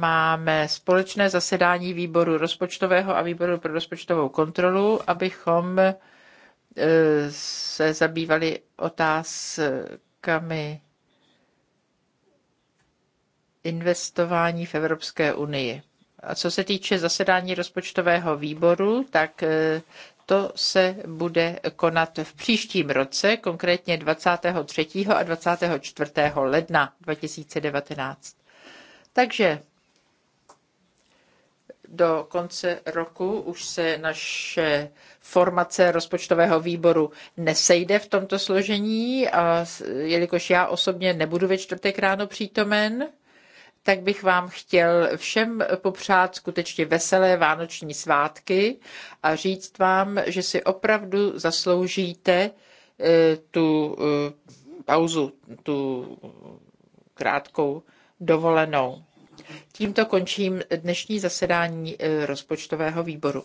máme společné zasedání výboru rozpočtového a výboru pro rozpočtovou kontrolu, abychom E, se zabývali otázkami investování v Evropské unii. A co se týče zasedání rozpočtového výboru, tak e, to se bude konat v příštím roce, konkrétně 23. a 24. ledna 2019. Takže do konce roku už se naše formace rozpočtového výboru nesejde v tomto složení, a jelikož já osobně nebudu ve čtvrtek ráno přítomen, tak bych vám chtěl všem popřát skutečně veselé vánoční svátky a říct vám, že si opravdu zasloužíte e, tu e, pauzu, tu krátkou dovolenou. Tímto končím dnešní zasedání eh, rozpočtového výboru.